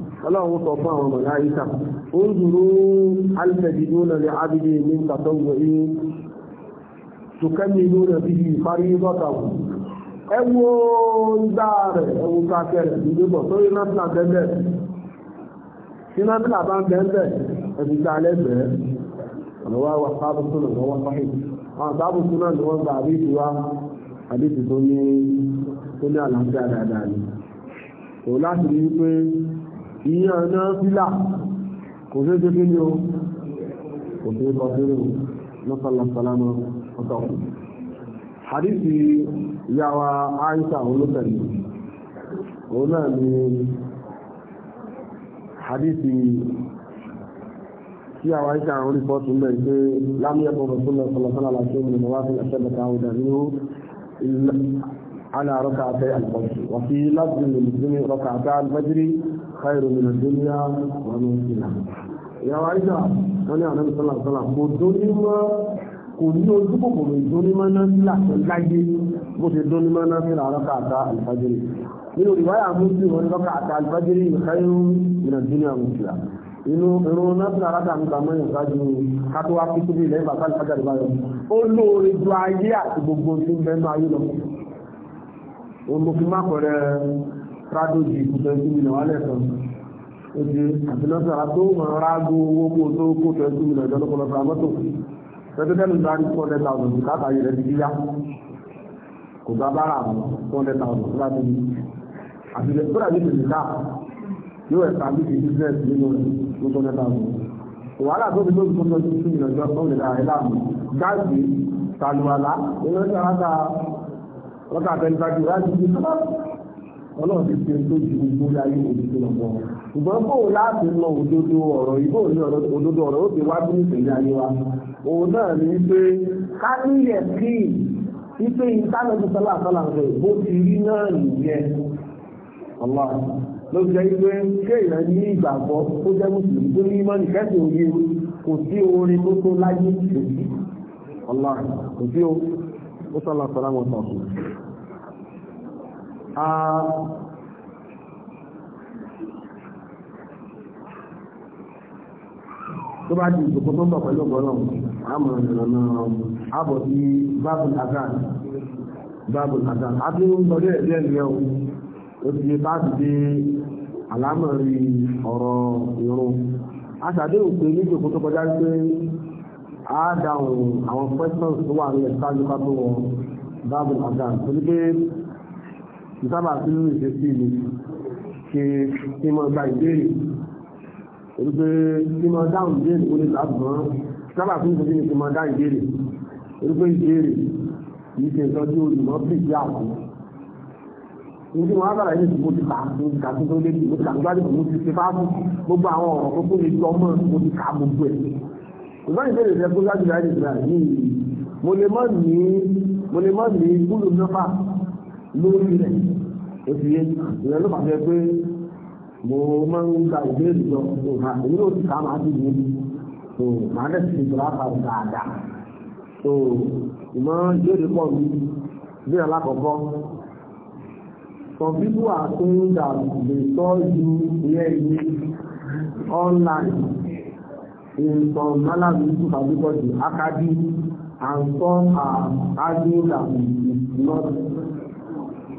ọlọ́run sọ fún àwọn mọ̀láyíkà ó ń dúró alifẹ̀dìdó náà lè ní i parí lọ́tàwù ẹ wo ìgbà rẹ̀ ẹ wo kakẹ́ rẹ̀ ìdíbò sórí nọ́tìlà bẹ́ẹ̀ tí bá ń bẹ́ẹ̀ ẹ̀bí ta lẹ́gbẹ̀ẹ́ wa ìyàn náà fílà kò sí ṣe kí ni o kò sí kọ sí rò lọ́sàlọ́sàlámọ́ ọ̀tọ̀ hadithi yàwá Aisha olóṣèlú òun náà ni hadithi tí àwọn ìṣe àwọn rìpọ́tù mẹ́ pé lámúyẹ̀kọ́ rọ̀súnlẹ̀ sọlọ́sọ́lá láti ọmọ ìwà fún ẹ̀ṣẹ́lẹ̀ta ọ̀dà nínú alárọ́kà àtẹ́ àlùkọ́sù wàfí láti lè mùsùlùmí rọ́kà àtẹ́ àlùmẹ́jìrì káìrò mìíràn dúníà wà ní ìlà ìyàwó àìsà wọn ní àwọn ìsọlá ìsọlá kò dónímọ kò ní ojú kòkòrò ìdónímọ náà nílà tó láyé bó ti dónímọ náà nílà ọlọ́kà àta àlùfájẹrì nínú ìwáyà àmúsí wọn lọ́kà àta àlùfájẹrì káìrò mìíràn dúníà wà ní ìlà inú irun nọ́sìn alága mi gbàmọ́ yàn ṣáájú kátó wá kíkú bí ilẹ̀ ìgbà sáà ìfájà ìbá yọ ó lóore ju ayé àti gbogbo tí ń bẹnu ayé lọ òun mo fi má pẹ̀rẹ̀ sáàdójì ìkùtọ̀ ìkú mi lọ́wọ́ lẹ́sọ̀ ojú àtìlọ́sọ̀rọ̀ tó mọ̀ rágó owó kó tó kó tọ̀ ìkú mi lọ́jọ́ lọ́pọ̀ lọ́pọ̀ àmọ́tò tẹ́tẹ́ tẹ́lu bá ní four hundred thousand káàkà yìí rẹ̀ ti yíyá kò bá bára àmọ́ four hundred thousand tó bá ti ní àtìlẹ́ tó dàbí tèmi ká yóò ẹ̀ka bí kì í business nínú two hundred thousand wàhálà tó fi lóbi tó tọ̀ ìkú mi lọ́jọ́ lọ́pọ̀ lọ́pọ̀ àmọ́ ọlọ́run ti fi tó ju gbogbo láyé òdodo lọ́wọ́ ṣùgbọ́n bó o láti lọ òdodo ọ̀rọ̀ yìí bó o ní òdodo ọ̀rọ̀ ó ti wá bí ìpínlẹ̀ ayé wa òun náà ní pé ká níyẹ̀ kí ipe ìtànàbí sọlá sọlá rẹ̀ bó ti rí náà nìyẹn ọlá ló jẹ́ pé kéèyàn ní ìgbàgbọ́ tó jẹ́ mùsùlùmí tó ní mọ́nì kẹ́sì òye kò sí orin tó tó láyé ọlá kò sí o ó sọlá sọlá wọn sọ̀tún tó bá di ìjòkó tó ń bọ̀ pẹ̀lú ọ̀pọ̀lọ́ àmọ̀ ìrọ̀nà àbọ̀ sí Bible azan Bible azan àti ń lọ díẹ̀ díẹ̀ ní ẹ̀wọ̀n ó ti bá ti dé àlámọ̀rí ọ̀rọ̀ ìrún aṣàdé òpin ní ìjòkó tó kọjá pé a dáhùn àwọn questions tó wà ní ẹ̀ka lókà tó wọ babul azan torí pé ìsábà tí ó ṣe sí mi ṣe kí mọ gba ìbéèrè pẹ̀lú pé kí mọ dáhùn ìbéèrè ó lè lábùmọ́ ìsábà tí ó ṣe sí mọ dá ìbéèrè pẹ̀lú pé ìbéèrè kì í ṣe ìtọ́jú olùmọ́ pèsè àwọn níbi wọn bára yìí mo ti kà mo ti kà tó tó lé mo ti kà gbádùn mo ti ṣe fáfù gbogbo àwọn ọ̀rọ̀ tó tó lè jọ mọ́ mo ti kà gbogbo ẹ̀ ìgbà ìbéèrè rẹ kó gbádùn láì nìyí mo lè mọ́ ní mo lè mọ́ ní kúlù mẹ́fà lórí rẹ̀ ó ti yé ìrẹ́ ló pàṣẹ pé mo máa ń gba ìbéèrè lọ tó ha èyí ká máa ti wù mí tó máa dẹ̀ ti tó láta dáadáa tó ìmọ̀ ìbéèrè pọ̀ mí bí alákọ̀ọ́kọ́ some people are saying that they saw you here online in some malawi to fabricate the academy and some are arguing that it is not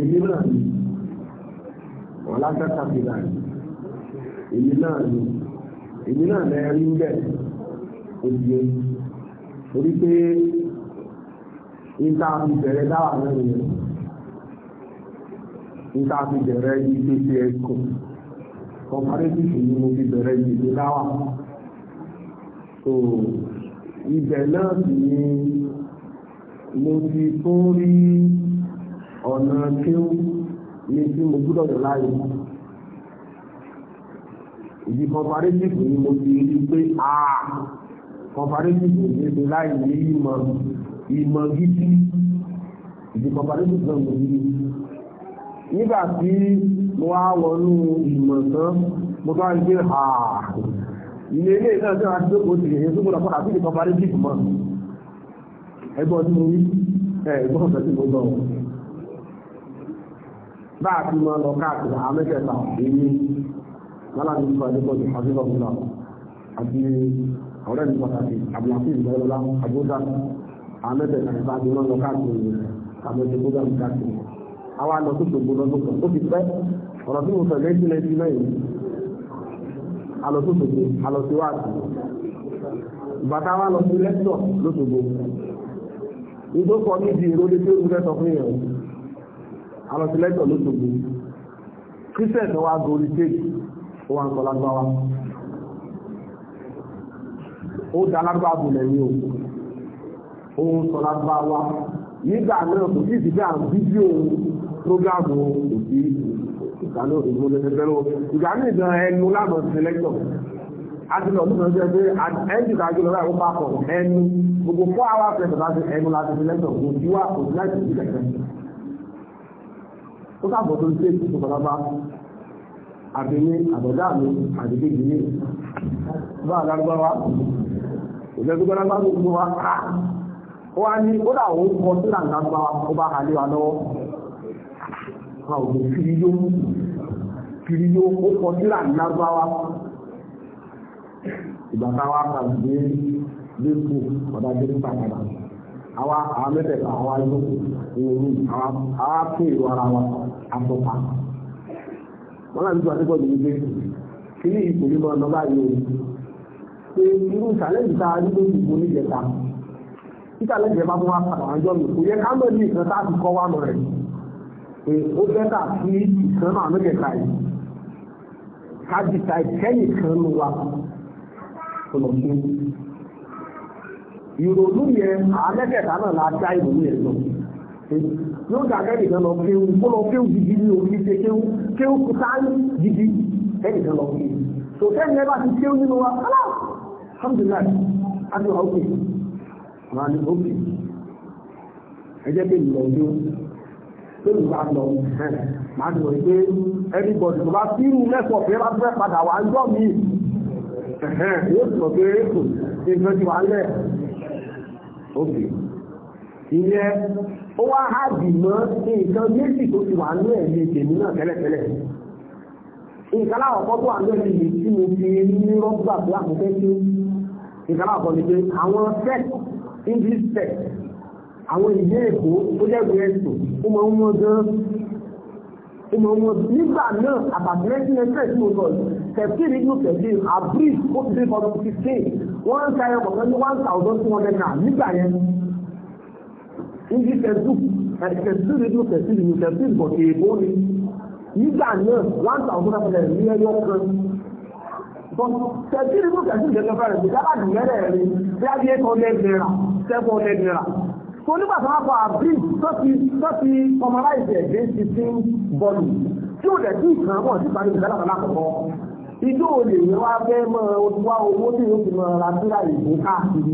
èmi náà ni wọ́n látàkà sí náà ni èmi náà ni èmi náà lẹ́ẹ̀rí ń bẹ̀ òdìye torí pé níta fi bẹ̀rẹ̀ dáwà náà nìyẹn níta fi bẹ̀rẹ̀ ibi tí ẹ kù kọ̀m̀párétìfì ni mo fi bẹ̀rẹ̀ ibi tí dáwà so ibẹ̀ náà sì ni mo ti tún rí ọ̀nà kéwú ní tí mo gbúdọ̀ dọ̀ láàyè ìdí comparative ni mo ti rí pé a comparative ní ṣe láì ní ìmọ̀ ìmọ̀ gidi ìdí comparative náà mo rí nígbà tí mo wá wọnú ìmọ̀ tán mo bá ń gbé a ilé ilé náà tí wọ́n ti dókòó sí èyí tó gbọ́dọ̀ padà sí ìdí comparative mọ́ ẹgbọ́n tí mo rí ẹgbọ́n tí mo gbọ́ wọn bá a ti máa lọ káàkiri àwọn mẹ́tẹ̀ẹ̀ta èyí lálàbí nípa ẹ̀dẹ́kọ̀ ti àbíkọ̀ nílọ àti ọ̀rẹ́ mi pàtàkì àbúlàfíì ìgbẹ́lọ́lá àbúdá àwọn mẹ́tẹ̀ẹ̀ta ìfà àti máa lọ káàkiri àmọ́ ti gbọ́dọ̀ mi káàkiri. àwa lọ tó ṣògbó lọ́dún kan ó ti pẹ́ ọ̀rọ̀ tí mo sọ ní eighteen ninety nine alọ tó ṣògbó alọ sí wáàtì bàtà wa lọ sí lẹ́tọ̀ lóṣogbo ìdókọ̀ níbi ìrólé tí ó ń àwọn sílẹ́tọ̀ ló tògbò christian tó wá gorí tèkì ó wá ń sọ lágbáwá ó dá lágbáàbò lẹ́yìn o ó ń sọ lágbáwá nígbà náà kò sí ìsìnkú àwọn fídíò prógámù òbí ìdáná ìmúlẹ̀ẹ́fẹ́ lọ́wọ́ ìgbà ní ìdán ẹnu lánàá sílẹ́tọ̀ àtìlọ ọdún náà jẹ́ pé ẹni ìdájọ́ lọ́wọ́ àwọn bá pọ̀ ẹnu gbogbo fọ́ àwọn afẹ́fẹ́ láti ẹnu láti sílẹ́tọ̀ kò sí wá kò sí láti sílẹ̀tọ̀ ó káàbọ̀ tó ń ṣe ètò ìfọ̀lábá àbẹ̀mí àbọ̀dá mi àdìgbé ìdílé bá àdárúgbáwá ìjọdúgbọ́lágbá gbogbo wa ká ó wá ní ó dà òun kọ sí làǹdàgbà ó bá hà lé wa lọ́wọ́ a ò lè kiri yó kiri yó ó kọ sí làǹdàgbà wa ìgbà táwa kà gbé lẹ́kọ̀ọ́ ọ̀dà dé nípa padà àwa àwa mẹ́tẹ̀ẹ̀ta àwa inú ìròyìn àwa pín ìlú ara wa àtọ́pa. wọ́n láti tó àtẹ́kọ̀ọ́ ní ilé kí ní ipò mímọ́ ọ̀nà báyìí o pé irú ìsàlẹ̀jì tá a nílò ìbò níjẹta ìsàlẹ̀jì ẹ̀ bá fún wa padà àjọ mi kò yẹ ká mọ̀ ní ìkan tá a ti kọ́ wa mọ̀ rẹ̀ pé ó fẹ́ kà sí ìkan náà mẹ́tẹ̀ẹ̀ta yìí ká jìta ìkẹ́yìn kan ló wa kò ìrònú yẹn àálẹ́kẹ̀ẹ́ta náà la dá ìrònú yẹn lọ yóò dàgẹ́ nìkan lọ kéwù kó lọ kéwù gidi ní orí ṣe kéwù kéwù kútáyì gidi ẹnìkan lọ kéwù sòtẹ́ ní ẹbá ti kéwù nínú wa kálá alhamdulilayi adé wa ókè wà ní ókè ẹjẹ́ pé ìlọ ọjọ́ lórí wa lọ máa dùn pé everybody tó bá fírù lẹ́sọ̀ pé bá fẹ́ padà wà ń jọ́ mi yóò sọ pé èkó ìgbẹ́jú wa lẹ̀ òbí ìyẹn ó wá hábì mọ́ nǹkan méjì tó ti wà ní ẹ̀mí tèmi náà tẹ́lẹ̀tẹ́lẹ̀ nǹkan láwọ̀kọ́ tó wà ní ẹ̀mí mi tí mo fi ní rọ́gbà tó àkókò tí nǹkan láwọ̀kọ́ ni pé àwọn sec English sec àwọn ìwé èkó tó jẹ́gbẹ̀ẹ́ ẹ̀sùn ó máa ń wọ́n gan ó máa ń wọ́n nígbà náà àbàtìlẹ́sìn ẹgbẹ́ tí mo sọ tẹ̀sí ìrìnnú tẹ̀sí àbúrí ó ti dé fifteen wọ́n ń tayọ pọ̀ pẹ̀lú one thousand two hundred naira nígbà yẹn níbi tẹ̀sù tẹ̀sù nínú tẹ̀sù nínú tẹ̀sù ìbọ̀ èèbó ni nígbà náà one thousand two hundred ní ẹyọ kan tẹ̀sù nínú tẹ̀sù ìjọba fẹ́rẹ̀ bí dábàá dùn mẹ́rẹ̀ rí bí abíyé kan hundred naira seven hundred naira tó nígbà tó wá fọ àbí tó ti tó ti formalize ẹ̀ dé sixteen volume tí ó dẹ̀ tí ìkànnì wọn ti parí ìdálàbà lákòókò ìjọ òde yẹn wá fẹ́ mọ́ wá owó tí yóò fi mọ́ ra síra ìbò káàkiri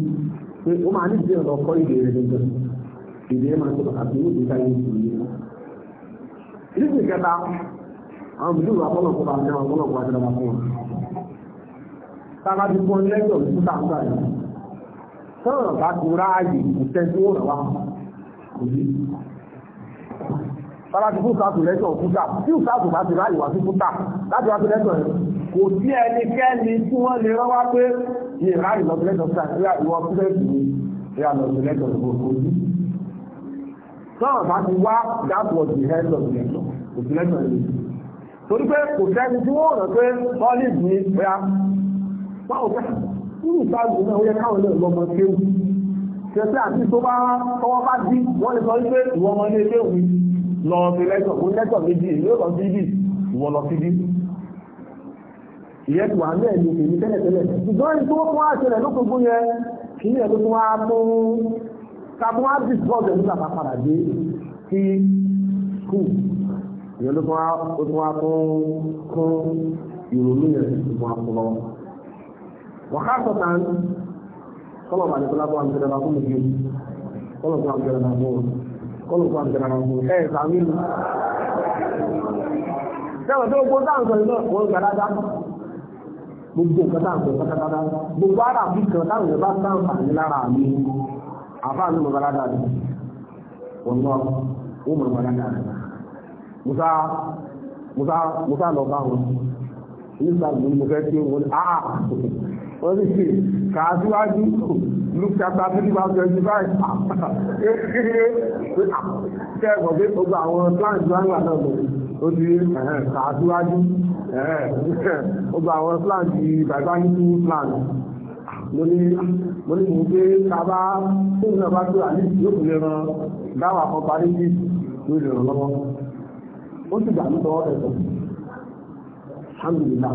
pé ó máa ní ìdí ọ̀dọ̀ kọ́ ìdè rẹ̀ gbẹ̀gbẹ̀ ìdè yẹn máa ń sọ̀rọ̀ àti ìwé ìka yẹn sì yé. ìdí kẹta àwọn bìbí ìwà fọlọ̀ kọ́ bá ń tẹ́wọ̀n fọlọ̀ kọ́ bá tẹ́wọ̀n fún wọn. sábà ti fún lẹ́tọ̀ ní sísá ń báyìí sọ̀rọ̀ bá ti ráàyè ìṣẹ́ tí ó rẹ̀ wá sábà ti fún sáàtù lẹ́tọ̀ fúta tí ò sáàtù bá ti ráàyè wá sí fúta láti wá sí lẹ́tọ̀ yẹn kò sí ẹnikẹ́ni tí wọ́n lè rọ́wá pé ìhà ìlọ́sílẹ́tọ̀ sàkíyà ìwọ púrẹ́sì ní ìhà ìlọ́sílẹ́tọ̀ gbogbo ojú. sọ́ọ̀ bá ti wá dáàbò ti hẹ́ lọ́sílẹ́tọ̀ òsílẹ́tọ̀ ní. àti tó bá tọwọ́ bá dí wọ́n lè sọ wípé ìwọ ọmọ ilé ìwé lọ́ọ́ fi lẹ́tọ̀ ìyẹn ti wà ní ẹ̀mí èmi tẹ́lẹ̀tẹ́lẹ̀ ṣùgbọ́n ní tó wọ́n wá ṣẹlẹ̀ ló gbogbo yẹn kì í ẹ̀lú tó wá mú tàbí wá bí bọ́ọ̀lù ẹ̀mí tàbá padà dé sí skul ìyẹn ló tún wá tún kún ìrònú yẹn tó wá fún lọ. wàhálà sọ̀tàn kọ́lọ̀ bàdé tó lágbó àmì tẹ́lẹ̀ fún mi kọ́lọ̀ tó àmì tẹ́lẹ̀ fún mi kọ́lọ̀ tó àmì tẹ́lẹ̀ fún mi ẹ̀ sàmì. Sẹ́wọ̀n tó gbó dáhùn sọ̀rọ̀ náà wọ́n gbàdá dáhùn gbogbo nǹkan táwọn ọ̀sán pátápátá gbogbo ara bí kan táwọn èèyàn bá sáǹfààní lára mi àbá mi mọ̀gbára dáadé wọn lọ wọn mọ̀gbára dáadé musa musa musa lọ bá wọn nígbà tí mo fẹ́ tí wọn áà wọ́n ti ṣe kàásíwájú luke chapter three verse twenty five kékeré kẹ́ẹ̀kọ́ pé gbogbo àwọn plans láńgbà náà lọ ó ti kàásíwájú. gbogbo àwọn plan ti bàbá nínú plan mo ní mo gbé kábá fóònù náà bá tó àní yóò fi lè ran dáwà kan parí sí ló lè ràn lọ́wọ́ ó sì gbà lọ́wọ́ ẹ̀sọ́ alhamdulillah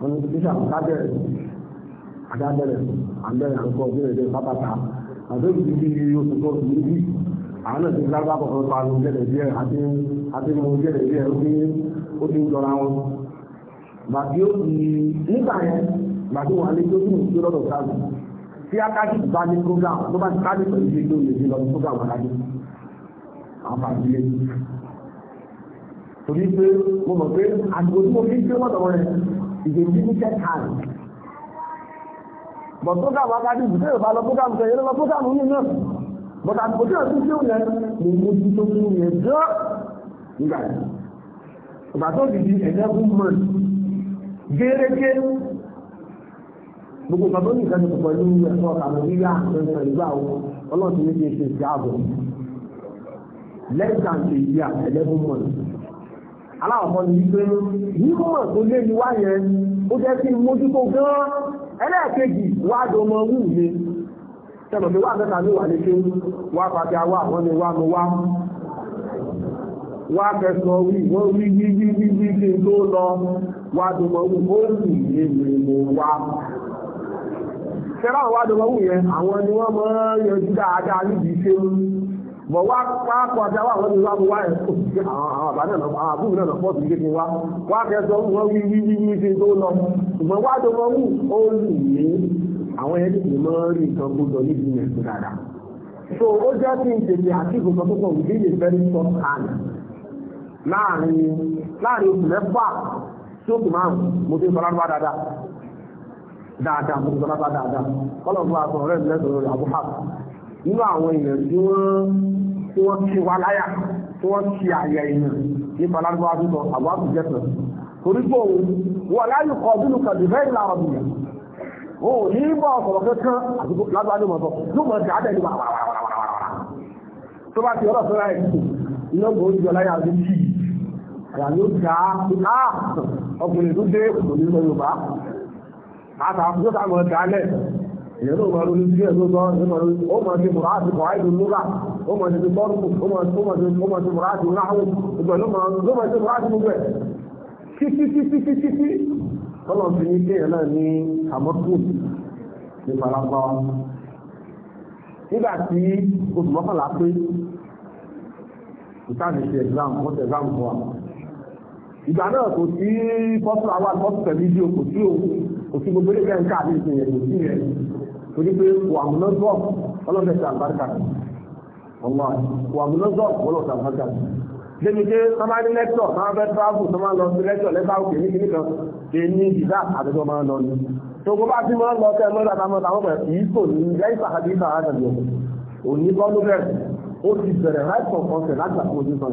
wọn ní tíṣà kábẹ́rẹ̀ àdábẹ̀rẹ̀ àbẹ̀rẹ̀ àǹkọ́ bẹ̀rẹ̀ bẹ̀rẹ̀ pápátá àbẹ̀rẹ̀ ti di oṣù tó ti ní àwọn náà ti pa ló jẹ̀rẹ̀ díẹ̀ àti mo jẹ̀rẹ̀ díẹ̀ ó ti ń lọ́ra wọn màbí ó di nígbà yẹn màbí wọn alẹ́ tó ní ìṣe lọ́dọ̀ sáàbù tí akájú bá ní program tó bá ti kájú pẹ̀lú ilé tó lè dé lọ sí program alájú àwọn bàbí lé torí pé mo mọ̀ pé àdúgbò tí mo fi ń gbé lọ́dọ̀ rẹ̀ ìgbè tí ní kẹ́kàn bọ̀ program akájú ìbùdó ìbá lọ program sọ yẹn lọ program yìí náà bọ̀ àdúgbò tí ọ̀sùn tí ó yẹ lè mú ti tó fún yẹn jọ́ nígbà yẹn ìgbà tó di di gẹ́gẹ́ gbogbo bàbá mi kan tó pẹ̀lú ẹ̀fọ́ àmọ́bíyá ẹ̀fọ́ ìgbà àwọn ọlọ́ọ̀tún méjì ṣe ṣe ààbò less than a year eleven months aláwọ̀kọ́ ni wípé mímọ̀ tó lé ní wáyẹn ó jẹ́ sí mójútó gan-an ẹlẹ́ẹ̀kejì wájọ mọ wù mí sẹ́nà mi wà mẹ́ta ní wà ní ṣe wá pàtẹ awá àwọn ni wá mo wá wá kẹsàn-án wí wọ́n wí wí wí wí wí kí n tó lọ wádùmọ̀wù ó sì yé mi mo wá. Ṣẹ́rá àwọn wádùmọ̀wù yẹn, àwọn ni wọ́n mọ́ yanjú dáadáa níbi ṣe ń bọ̀ wá pápọ̀ ajá wà wọ́n ti wá mo wá ẹ̀ kò sí àwọn àbá náà àwọn àbúrò náà lọ́pọ̀ sí kékeré wá. Wá kẹsàn án wọ́n wí wí wí wí ṣe tó lọ. Ṣùgbọ́n wádùmọ̀wù ó sì yé àwọn ẹni tí mọ́ rí nǹkan gbọdọ̀ níbi yẹn tó dáadáa. So ó jẹ́ kí n tètè àti ìgbòkan tó pọ̀ wù tí ó kù máa mo ti sọ lárúbá dáadáa dáadáa mo ti sọ lárúbá dáadáa kọ́lọ̀ fún aṣọ ọ̀rẹ́ ìlẹ́sọ lórí àbúhà nínú àwọn èèyàn tí wọ́n tí wọ́n ti wá láyà tí wọ́n ti àyà èèyàn nípa lárúbá tó àbúhà tó jẹ́ o ní bọ́ ọ̀sọ̀rọ̀ kankan àdúgbò mọ̀ mọ̀ ọkùnrin tó dé òní sọ Yorùbá àtàkùn tó kàmọ̀ dálẹ̀ èyàn ló máa ronú sí ẹ̀rọ sọ ẹ̀rọ ó máa ti mùrá àti kọ̀ àìdùn lóra ó máa ti ti bọ́ọ̀lù ó máa ti ó máa ti mùrá àti ráhùn ìgbà ló máa ló máa ti mùrá àti gbogbo ẹ̀ títítítítítí tọ́lọ̀ fi ní kéèyàn náà ní àmọ́kù ní palapa nígbà tí oṣù mọ́kànlá pé ìtàn ìṣe exam wọ́n ti exam fún wa ìgbà náà kò sí fọ́tò àwọn àkọ́tù tẹ̀lé ìdí òkò sí òun kò sí gbogbo ilé kẹ́ńkà àti ìsìnyẹ̀ kò sí yẹn torí pé wàmúnọ́zọ́ ọlọ́fẹ́ ti àbáríkà ọmọ wàmúnọ́zọ́ ọlọ́fẹ́ ti àbáríkà débi pé sábà ní lẹ́tọ̀ máa fẹ́ tíráàbù tó máa lọ sí lẹ́tọ̀ lẹ́tà òkè ní kíní kan ṣe ní ìdá àtẹ́tọ́ máa lọ ní tó gbogbo àti máa lọ sí ẹmọ́ ìdàtà mọ́ta wọ́n bẹ̀rẹ̀ yìí kò ní lẹ́yìn sàkàdé ìgbà àtàbí òní kọ́ ló bẹ̀rẹ̀ ó ti bẹ̀rẹ̀ láìpọ̀ kọ́sẹ̀ láti àkójú kan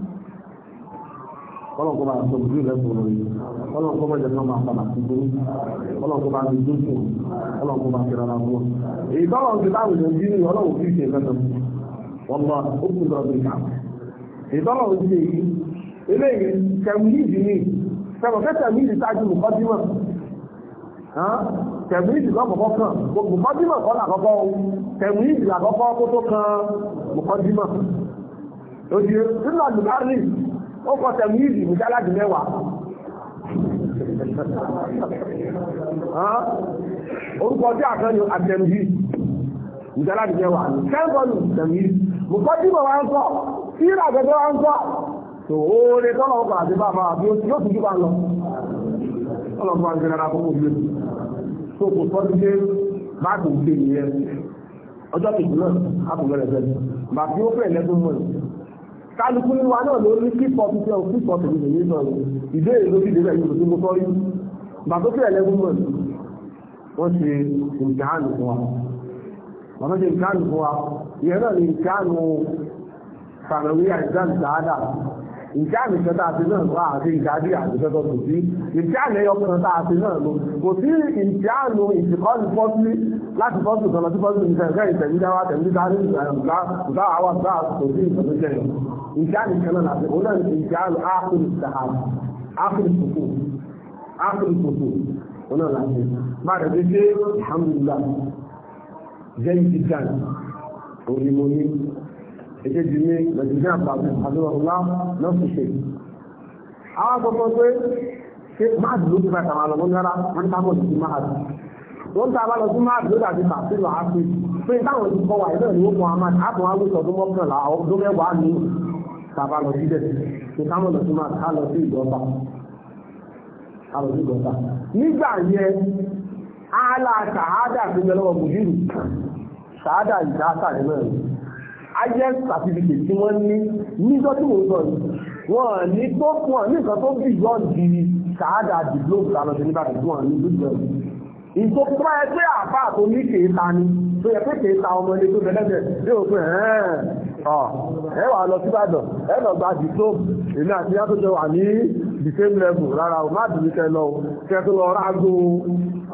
kọ́lọ̀ kọ́ bá sọ bí rẹ̀ sọ̀rọ̀ yìí kọ́lọ̀ kọ́ bá jẹ́nu máa padà sí burú kọ́lọ̀ kọ́ bá ní dúkù kọ́lọ̀ kọ́ bá fi rárá fún ọ. èyí tọ́lọ̀ ti táwọn èèyàn bí nìyí ọlọ́wọ́ fi ṣe fẹ́fẹ́ wọn lọ ó kù lọ bí ká. èyí tọ́lọ̀ ti ṣe yìí eléyìí tẹ̀míìdì ni tẹ̀mọ̀fẹ́ tẹ̀míìdì tájú mùkọ́dímọ̀ tẹ̀míìdì lọ́ kọ̀kọ́ kan mùkọ́dímọ̀ kọ́ làkọ́kọ́ tẹ̀míìdì làkọ́kọ́ kó tó kan mùkọ́dímọ̀. òdì ó kọ tẹ̀lú ìdì ní gálàjì mẹ́wàá orúkọ ọjọ́ àkànni àtẹ̀lú yìí ní mẹ́wàá kẹ́ńkọ́nù tẹ̀lú yìí mo kọ́ tí mo wá ń kọ́ tí ìrà gẹ́gẹ́ wá ń kọ́ tó oore tọ́lọ̀ ọkọ̀ àti bàbá àbí yóò tún jùbà lọ ọlọ́pàá ń gẹ́rẹ́ àkókò gbé tó kò tọ́ sí pé bá kò gbé nìyẹn ọjọ́ kejì náà a kò bẹ̀rẹ̀ bẹ̀rẹ̀ bàbá tí ó fẹ́ lẹ́gbẹ̀ẹ́ mọ́ kálukú ní wa náà ló ní kí pọ̀ tuntun ọ̀hún kí pọ̀ tuntun ìlú náà ìbéèrè ló fi débẹ̀ yóò tún mú sọ́rí bàtó sí ẹ̀lẹ́gùn mọ̀ wọ́n ṣe ìdáhànù fún wa wọ́n ṣe ìdáhànù fún wa ìyẹn náà ní ìdáhànù fàmìlì àìsàn dáadáa ìjáàmì kan tá a ti náà wá àti ìjáàmì àtijọ́tọ̀ kò sí ìjáàmì ẹyọ kan tá a ti náà lò kò sí ìjáàmì ìsìnkọ́ni fọ́sílì láti fọ́sílì kan lọ sí fọ́sílì nìkan ìfẹ́ ìtẹ̀mídáwá tẹ̀mídáwá ìgbàwá gbà kò sí ìtọ́jọ́ ìjáàmì kan náà láti òun náà ìjáàmì ákùn ìsàhàbù ákùn ìsòkò ákùn ìsòkò òun náà láti má rẹ̀ fi ṣe alhamdulillah jẹ́ ìjìjàn òun ni mo ní èkejì ní nàìjíríà àpapọ̀ àdúrà náà fi ṣe. àwọn àkọ́kọ́ pé ṣé máa dùn lókè bàtà wà lọ́wọ́ náírà wọ́n ká bọ̀ sí máa dùn. wọ́n ta bá lọ sí máa dùn lókè àti tàbí àti pé táwọn ti kọ́ wà ilé ìlú wọn a máa àpò àwọn oṣù ọdún mọ́kànlá ọdún mẹ́wàá ní tàbá lọ sí dẹ̀ ṣe ká mọ̀ lọ sí máa ká lọ sí ìjọba àròjúgọta nígbà yẹn ala sàádà fi lọ́wọ́ mùdírù sàádà ìdásà nínú ẹ̀rọ ayẹ́ sàtìfìkì tí wọ́n ní níjọ́ tí wọ́n sọ yìí wọ́n ní tó fún ọ ní nǹkan tó bì yọ́ di sàádà dìblóòmù tààlọ́ sí nígbà tó wọ́n ní lójú ẹ̀ ìtò tó bá yẹ pé àbá tó ní kèéta ni tó yẹ pé kèéta ọmọ ilé tó bẹ̀lẹ́bẹ̀ ní òpin ẹ̀ wà lọ síbàdàn ẹ lọ gba dìblóòmù èmi àti yá tó jọ wà ní the same level rárá o má dùn kẹ lọ kẹ tó lọ rágó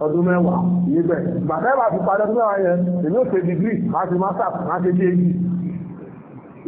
ọdún mẹ́wàá yìí bẹ̀ gbàtẹ́ bá fi padà tó mẹ́wàá yẹn èmi ò ṣe dìgírì má ṣe má ṣàpù má ṣe dé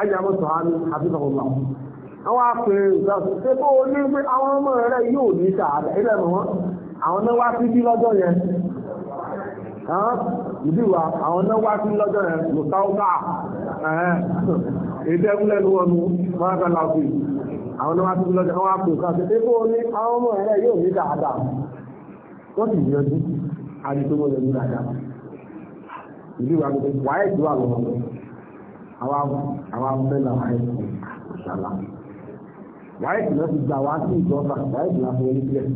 ayàmọ́ sọ̀hánú àbíbọ̀wọ̀ àwọn apèrè ìgbàsí pé bó o ní pé àwọn ọmọ rẹ yóò ní sàádà ilẹ̀ mọ́ àwọn náà wá sí bí lọ́jọ́ yẹn ìdíwà àwọn náà wá sí lọ́jọ́ yẹn lòtáwọ́tà èdè ẹgbẹ́lẹ́nu wọnú mọ́rákàlá òfin àwọn náà wá sí lọ́jọ́ àwọn apèrè ìgbàsí pé bó o ní àwọn ọmọ rẹ yóò ní sàádà wọ́n sì yọjú àdìsọ́gbọ́n lẹ́nu dáadáa àwọn abẹ́là àìsàn ìṣàlá wáyé náà ti gbà wá sí ìjọba wáyé náà fi orí bílẹ̀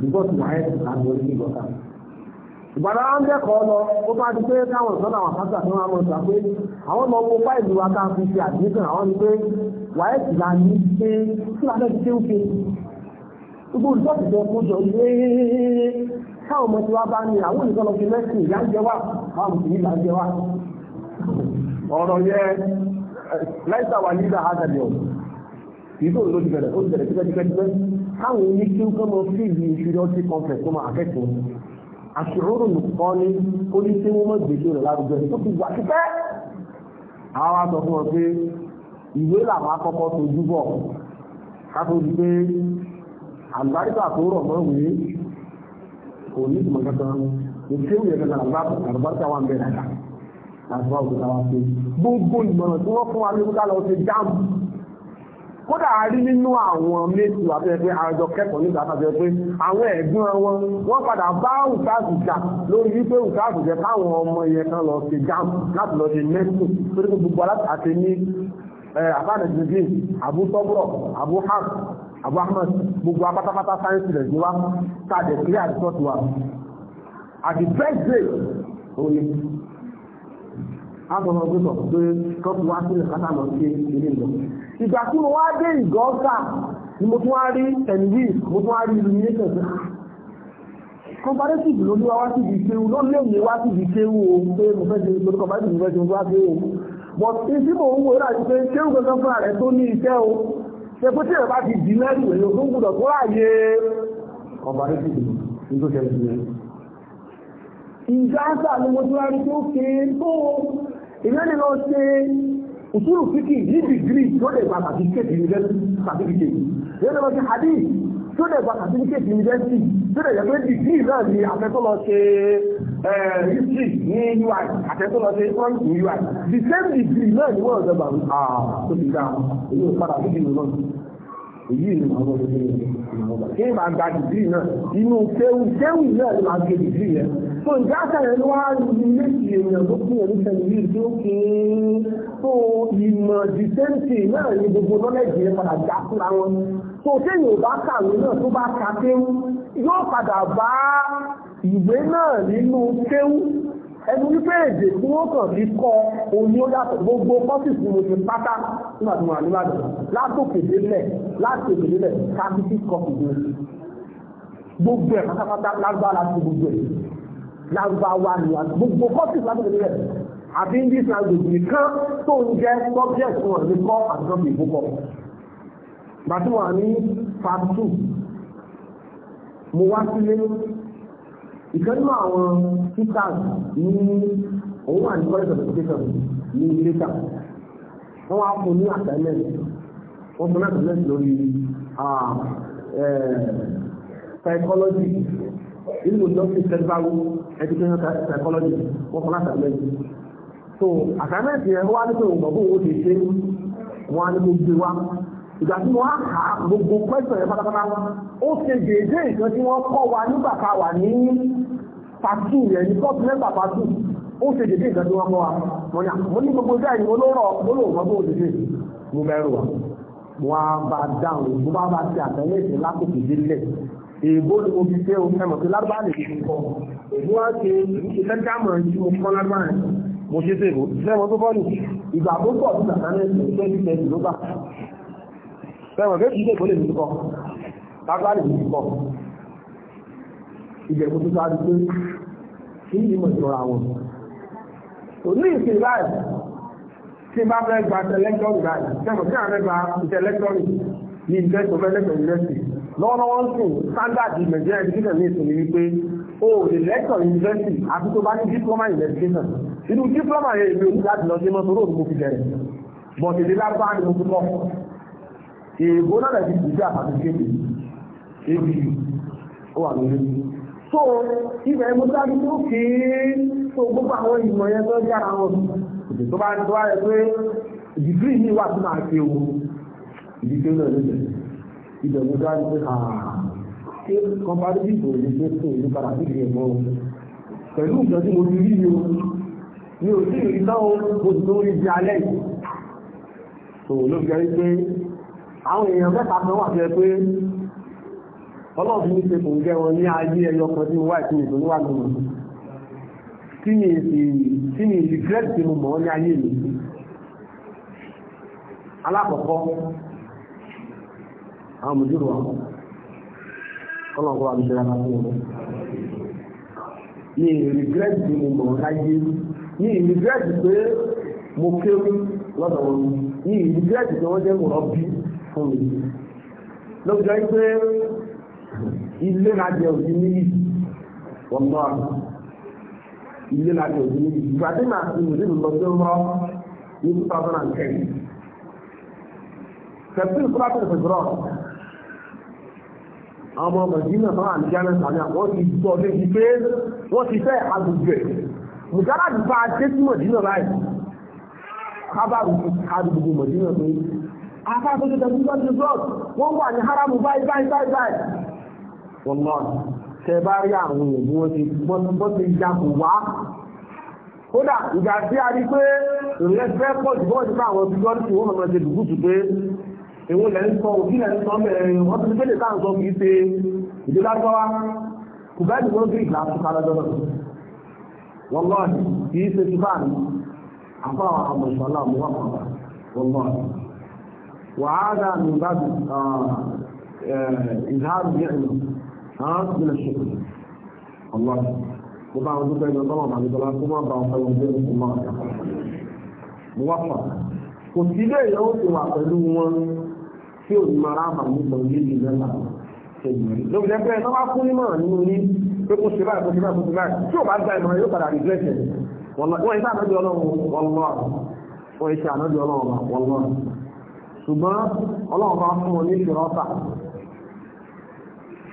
rìpọ́tù wáyé náà fi orí ìjọba. ìgbàdá wọn kẹ́kọ̀ọ́ lọ ó bá di pé káwọn ìsọ́nà àwọn àfáàtà tí wọ́n á mọ̀ sọ pé àwọn lọ wo fáìlì wa ká fi ṣe àdéhùn àwọn ni pé wáyé sì là ní pé kí wàá fẹ́ẹ́ ṣe ń ṣe gbogbo rìpọ́tù tó kún jọ ní káwọn ọmọ tí wàá bá ní àwọn ìsọ́nà fi mẹ́sìn ìyá ń jẹ wá àwọn mùsùlùmí là ọ̀rọ̀ yẹ láìsà wà ní ìlà àgàdì ọ̀hún ìlú òun ló ti bẹ̀rẹ̀ ó ti bẹ̀rẹ̀ tipẹ́tipẹ́tipẹ́ káwọn oní kí ó kọ́mọ sí ìlú inferiority complex tó máa akẹ́kọ̀ọ́ àṣìrórò nìkan ní ó ní tí wọ́n mọ̀ gbèsè rẹ̀ lárugẹ tó ti wà tipẹ́ àwọn aṣọ fún wọn pé ìwé làwọn akọ́kọ́ tojú bọ̀ kátó di pé àgbáríkà tó rọ̀ mọ́ wèé kò ní ìmọ̀ kankan kò sí ìwé kankan àgbáríkà wà ń bẹ̀rẹ̀ àgbà òkúta wa ṣe gbogbo ìmọ̀ràn tí wọ́n fún wa ní kúta lọ ṣe dáàbò kódà a rí nínú àwọn méjì wà fẹ́ pé àjọ kẹ́kọ̀ọ́ nígbà tàbí pé àwọn ẹ̀gbọ́n wọn wọ́n padà bá òṣàṣù jà lórí wípé òṣàṣù jẹ́ káwọn ọmọ yẹn kan lọ ṣe dáàbò láti lọ ṣe mẹ́tò torí pé gbogbo aláṣàṣe ní àbánẹ̀dìdì àbú sọ́bùrọ̀ àbú hàn àbú ahmed gbogbo apátápátá sáyẹ́nsì rẹ̀ níwá sáà dẹ̀ kílẹ̀ àdìsọ́tù wa at the first àtọ̀nà gbẹ́sọ̀ pé tọ́tù wá sílẹ̀ kátà lọ sí ilé ìlọ. ìgbà tí mo wá dé ìgọ́ta ni mo tún wá rí ẹ̀nìwí mo tún wá rí illumination sí. comparative ló ní wá wá sí ibi kéwu ló lé òye wá sí ibi kéwu o pé mo fẹ́ ṣe lórí comparative mo fẹ́ ṣe wá kéwu. but ìdí mò ń wo ìrà ti pé kéwu kankan fúnra rẹ̀ tó ní iṣẹ́ o ṣe pé tí ìrọ̀bá ti dì mẹ́rin ìwé yóò tó gbúdọ̀ tó ráàyè comparative ní tó ṣe ìgbà sáà ni mo tún ìyẹn ni lọ ṣe òṣùlù fíkì ní dìgírì tó lè gba sàtífíkẹ́tì yunifásitì sàtífíkẹ́tì ìyẹn ni lọ ṣe hadith tó lè gba sàtífíkẹ́tì yunifásitì tó lè yàgbé dìgírì náà ni afẹ́tọ́ lọ ṣe history ní ui afẹ́tọ́ lọ ṣe economics ní ui the same degree náà ni wọ́n ọ̀dọ́ gbà tó ah, ti dá èyí ò padà fíkì nù náà èyí ni àwọn ọmọdé ní ọgbà kí n máa gba dìgírì náà inú kéwù kéwù náà ni tó ìjà àtàrẹ ló wá ní ilé ìrìnà tó kí ẹ̀rí sẹ́ni yìí tó kí tó ìmọ̀ dìsẹ́ǹtì náà ní gbogbo nọ́lẹ́jì yẹn padà já fúnra wọn tó kéèyàn bá kàwé náà tó bá ka kéwú yóò padà bá ìwé náà nínú kéwú ẹnu wípé èdè tí wọ́n kàn fi kọ oní ó yàtọ̀ gbogbo kọ́sìsì mo ti pátá nígbà tí mo wà nígbàdàn látòkè délẹ̀ látòkè délẹ̀ thirty six copies gbogbo ẹ̀ pátápátá lágbára ti gbogbo ẹ̀ lárúbáwá ni wà gbogbo courses lágbègbè rẹ̀ àbí english language nìkan tó ń jẹ́ subject wọn ní kọ́ àdúgbò ìbúkọ. gbàtí wọn ní part two mo wá sílé ìkan nínú àwọn teachers ní òun wà ní college of education ní ilé kan wọ́n wá fún ní assignment wọ́n fún ní assignment lórí ah, eh, psychology nínú lọ́sí sẹ́gbàwó education psychology wọ́n fún láti so àtàmẹ́sì wá nípa ṣe wọn ni mo gbé wa ìgbà tí wọ́n á kà á gbogbo yẹn pátápátá ó ṣe déédé tí wọ́n wa nígbà tá a wà ní yẹn ní kọ́ọ̀tù mẹ́fà ó ṣe déédé tí wọ́n kọ́ wa wọ́n mo ní gbogbo olóró èèbó ni mo fi pé o ẹmọ̀ tó lágbá lè fi kọ́ èèbó wá ṣe iṣẹ́ dámọ̀ tí mo kọ́ lágbá rẹ̀ mo ṣe ṣe èèbó sẹ́wọ̀n tó bọ́ọ̀lù ìgbà tó pọ̀ sí sàtánẹ́ ìṣẹ́ ní ṣẹ́ ló bá sẹ́wọ̀n tó fi ṣe èèbó lè fi kọ́ lágbá lè fi kọ́ ìjẹ̀bú tó sáré pé kí ni mo ìtura wọn òní ìsìn láì tí bá fẹ́ gba tẹlẹ́tọ́rì láì sẹ́wọ̀n tí àwọn ẹgbàá tẹlẹ́tọ́rì ní ìjẹ́ tó fẹ́ lẹ́tọ̀ọ́ lọ́wọ́lọ́wọ́ ń sìn sáńdáàdì Nigerian education ní ìsinmi wípé o lè lecture university àti tó bá ní diploma in education inú diploma yẹn ìwé òní láti lọ sí mọ́tò róòdù mo fi bẹ̀rẹ̀ but èdè lápá ni mo fi kọ́ èèbó náà lè fi ìdíje àpàtì kéde ebi ó wà lórí so ibẹ̀ mo dájú tó kéé tó gbogbo àwọn ìmọ̀ yẹn tó yára wọn tó bá tó bá yẹ pé dìgírì yìí wà tó máa fi owó ìdíje náà lóde ibẹ̀ mo dá pé ah, ṣé comparative ò lè gbé fún ìlú padà sí ìgbẹ̀ mọ́ pẹ̀lú nǹkan tí mo ti rí o mi ò sí ìrí táwọn mo ti tó rí di alẹ́ yìí tó ló ń gẹ́rí pé àwọn èèyàn mẹ́ta kan wà fẹ́ pé ọlọ́ọ̀fin ní ṣe kò ń gẹ́ wọn ní ayé ẹyọ kan tí mo wà ìpínlẹ̀ tó níwà nínú kí ni èsì kí ni regret tí mo mọ̀ ní ayé mi alákọ̀ọ́kọ́ àwọn mùdúrù wa kọ́lọ̀ kọ́ àmì ìṣẹ́ra fún wọn. ní regret ni mo láyé ní ìrìgírẹ́tì pé mo kéwú lọ́dọ̀ wọn ní regret pé wọ́n jẹ́ mo rọ́bí fún mi. lọ́jọ́ yìí pé ilé náà jẹ òsì níyì wọ́n tọ́ àná ilé náà jẹ òsì níyì ìgbà tí màá fi mùdúrù lọ sí ọmọ ní two thousand and ten. Sẹ̀tún ìfúrákùn ìfẹ̀sọ̀rọ̀ àwọn ọmọ ìdínà fún àlùjáná sàlẹ̀ wọ́n ti gbọ́ lébi pé wọ́n ti fẹ́ agbègbè mùsàlá ti fa adétí mọ̀dínà láì kábàrù agbègbè mọ̀dínà pé afáfẹ́jọ́ tẹ̀sí bá ti blọ́ọ̀tì wọ́n wà ní haramu báyìí báyìí báyìí báyìí wọ́n lọ tẹ bá rí àwọn èèyàn bí wọ́n ti bọ́n ti jakò wá kódà ìgbà tí a rí pé ìrẹsẹ̀ pọ̀ jù bọ́ọ̀dì fún àwọn ọmọ ti gbọ́ èwo lẹ́ ń sọ òbí lẹ́ ń sọ mẹ́rin wọ́n ti fẹ́lẹ̀ tá à ń sọ kìí ṣe ìdí lágbára kò bá ìdí lórí ìlà àtúkà lọ́dọ̀ wọn lọ́ọ̀ ní kìí ṣe ti bá mi àpá àwọn àmọ̀ ìṣọ̀lá mú wọn kọ̀ọ̀kan wọn lọ́ọ̀ ní. وهذا من باب إظهار النعمة من الشكر الله وبعد ذلك إلى الله عز وجل ثم بعد ذلك الله موفق kò sí bẹ́ẹ̀ yẹn ó ti wà pẹ̀lú wọn tí ò ní máa ráàbà nípa orílẹ̀-èdè lọ́la ṣègbìrì ló fi jẹ́ pé ẹ̀sán bá fún ní mọ̀ràn nínú ní pé kó ṣe báyìí kó ṣe báyìí kó ṣe báyìí tí ò bá gba ìmọ̀ràn yóò padà rí gẹ́ẹ̀ṣẹ̀ wọ́n iṣẹ́ ànájọ́ ọlọ́run wọ́lọ́ wọ́n iṣẹ́ ànájọ́ ọlọ́run wọ́lọ́ ṣùgbọ́n ọlọ́run bá fún wọn ní ṣìrọ́tà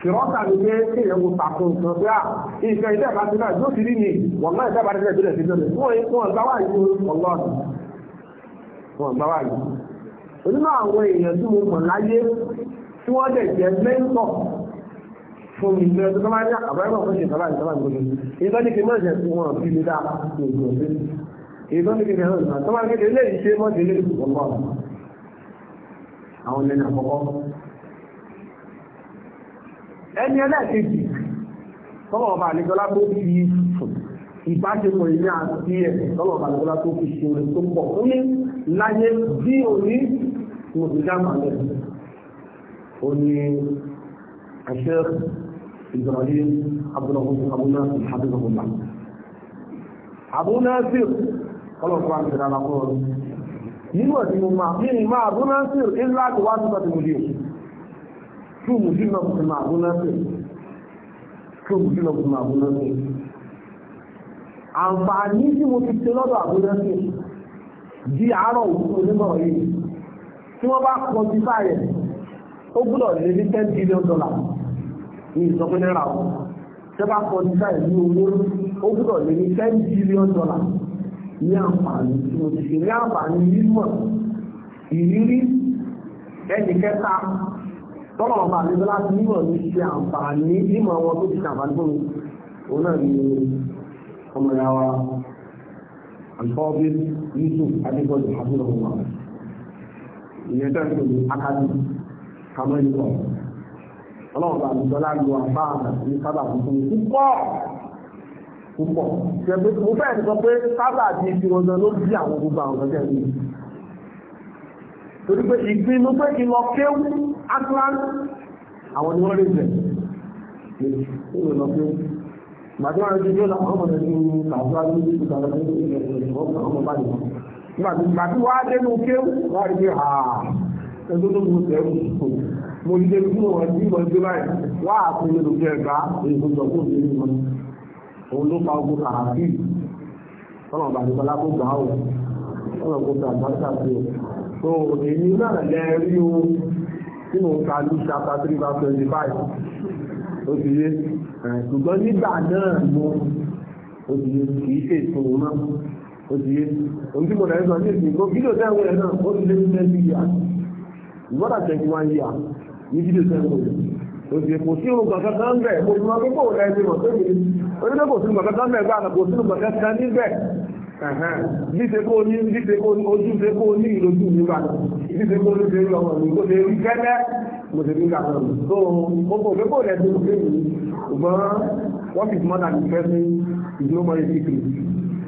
ṣìrọ́tà ni pé kí èèyàn wo takùn kan pé à ah, ìfẹ́ ilé ìbá ti náà yóò ti rí ni wọ́n náà ìfẹ́ ìbá ti náà ìbílẹ̀ ti bẹ̀rẹ̀ wọ́n gbáwáyé wọ́n onínú àwọn èèyàn tí mo mọ̀ láyé tí wọ́n dẹ̀ jẹ́ mẹ́ńtọ̀ fún mi lọ tó máa ń yá àbúrẹ́bọ̀ fún ṣèkọ́lá ìjọba ìgbòho ìtọ́ ní kí mọ́ ìṣẹ̀ tí wọ́n fi mi dáa lòdì òfin ìtọ́ ní kí mọ́ ìṣẹ̀ tó máa ń kéde lé ìṣe mọ́ délé ìgbòho àwọn ẹni àkọ́kọ́ ẹni ẹlẹ́ẹ̀kejì tọ́lọ̀ ọba àlejọ́lá tó fi ìbáṣepọ̀ ìní àti ẹ̀ tọ́lọ̀ ọba àlejọ́lá tó fi ṣe orin tó pọ̀ fún mi láyé bí òní tí mo fi dáàmà rẹ̀ ó ní àṣẹ Ibrahim abúlọ́gbọ́n abúlá ìhàbílọ́gbọ́n abúlá sí ọlọ́pàá àti ìdára fún ọdún nínú ẹ̀sí mo máa ní ìmá abúlá sí ilá àti wá sí bàtí mo dé tí mo dí lọ fún abúlá sí tí mo dí àǹfààní tí mo ti ṣe lọ́dọ̀ abúlá di àárọ̀ òkú onímọ̀ yìí tí wọ́n bá kọ sí báyẹ̀ ó gbúdọ̀ lé ní ten billion dollar ní ìsọpẹ́ náírà o tí wọ́n bá kọ sí báyẹ̀ ní owó ó gbúdọ̀ lé ní ten billion dollar ní àǹfààní tí mo ti ṣe ní àǹfààní mímọ̀ ìrírí ẹnì kẹta tọ́lọ̀ ọba àti bọ́lá ti mímọ̀ ní ṣe àǹfààní mímọ̀ wọn tó ti ṣàǹfààní fún mi òun náà ni ọmọ ìyá wa àǹfọ́bí Yusuf Adébọ́lù àbúrò wọn ìyẹn tó ń pè ní akadé kamẹ́lìkọ̀ ọlọ́run bá àlùjọ láàlú àbá àti sábà tuntun púpọ̀ púpọ̀ ṣẹ̀bí mo fẹ́ sọ pé sábà di ibi wọn lọ bí àwọn gbogbo àwọn ọ̀gá ẹ̀mí torí pé ìpinnu pé ìlọ kéwú atlan àwọn ni wọ́n lè jẹ ìlú lọ kéwú màdúrà rẹ̀ ti dé ọ̀nà ọmọ rẹ̀ ní ìlú tàbí wájú ní ìlú tàbí ní ìlú ọmọ bá yìí gbàgbà tí wàá dénú kéwù wàá rí bí ha ẹgbẹ́ tó gbogbo tẹ̀ ẹ́ mo ní débi tí mo wọ̀ sí ìmọ̀ ìgbé báyìí wàá fún mi lójú ẹ̀gbá èyí tó kó sí ìmọ̀ òun ló fa ogun kàràkì ọlọ́run bàbá ìgbàlá kó gbà ó ọlọ́run kó gbà àgbàṣà sí o so èyí náà lẹ rí o tí mo ka ní chapter three verse twenty five ó ti yé ṣùgbọ́n nígbà náà mo ó ti yé kì í ṣètò náà òtìyé òtí mo rẹ̀ sọ ní kó fídíò tẹ́wọ́ rẹ̀ náà ó ti lé ní twenty years ìwọ́dà twenty one year ní fídíò tẹ́wọ́ rẹ̀ òtìyé kò sí ohun kankan kan bẹ̀ mo mọ pé kò rẹ̀ ti mọ̀ tó mi onílé kò sí kankan kan bẹ̀ gbà kò sí kankan kan níbẹ̀ bí kó ní bí ṣe kó ojú ṣe kó ní ìlójú mi gbà bí kó ní ṣe ń ọmọ mi kó ṣe rí kẹ́lẹ́ mo ṣe ní gbà náà tó mo kò fẹ́ kò rẹ̀ ti mọ̀ pé mi ṣùgbọ́n what is more than the person is no more a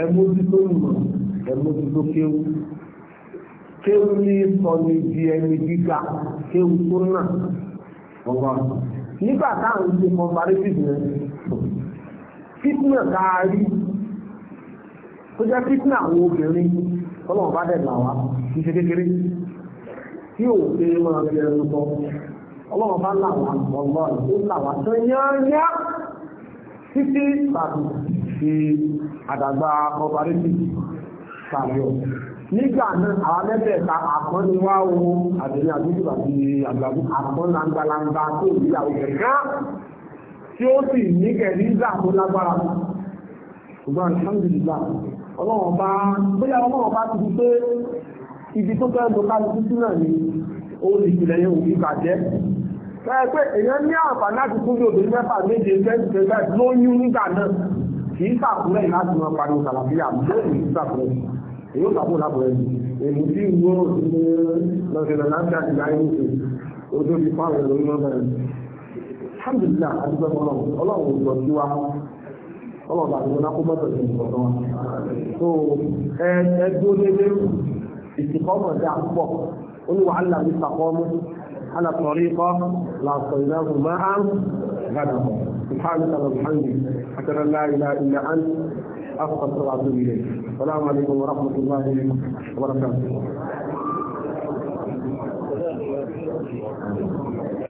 ẹmójútó ìmọ̀ ẹmójútó kéwú kéwú ní sọni di ẹni gíga kéwú tó náà ọgbà nígbà táwọn ṣe comparative yẹn fitna káàrí ó jẹ́ fitna àwọn obìnrin ọlọ́run bá dẹ̀ là wá ní ṣe kékeré tí ò ṣe máa fi ẹnu sọ ọlọ́run bá là wá ó là sí àdàgbà cooperative sàlẹ̀ nígbà náà àwọn mẹ́tẹ̀ẹ̀ta àkọ́ni wá wo àtẹ̀yìn àdúgbò àti àgbàgbà àkọ́ni langbalangba tó ìgbéyàwó kẹ̀kẹ́ tí ó sì ní kẹ̀ríńdà tó lágbára ṣùgbọ́n alhamdulillah ọlọ́wọ́n bá bóyá bá ti pé ibi tó fẹ́ lọ kì í sàkúrẹ́ láti máa pariwo sàlàfíà lóòrùn kì í sàkúrẹ́ èyí ó sàkó lábọ̀rẹ́ yìí èmi tí ń gbóró sí ní lọ́sẹ̀lẹ̀ láti àti láyé nìkan ó tó fáwọn ọlọ́run ọlọ́run ò sọ sí wa ọlọ́run mọ́tò sí wa. ẹ ẹ dúró lé lé ìsìnkọ́ ó ní wàhálà mi على الطريقة لأعطيناه معا غدا سبحانك اللهم وبحمدك أشهد أن لا إله إلا أنت أستغفرك وأتوب إليك السلام عليكم ورحمة الله وبركاته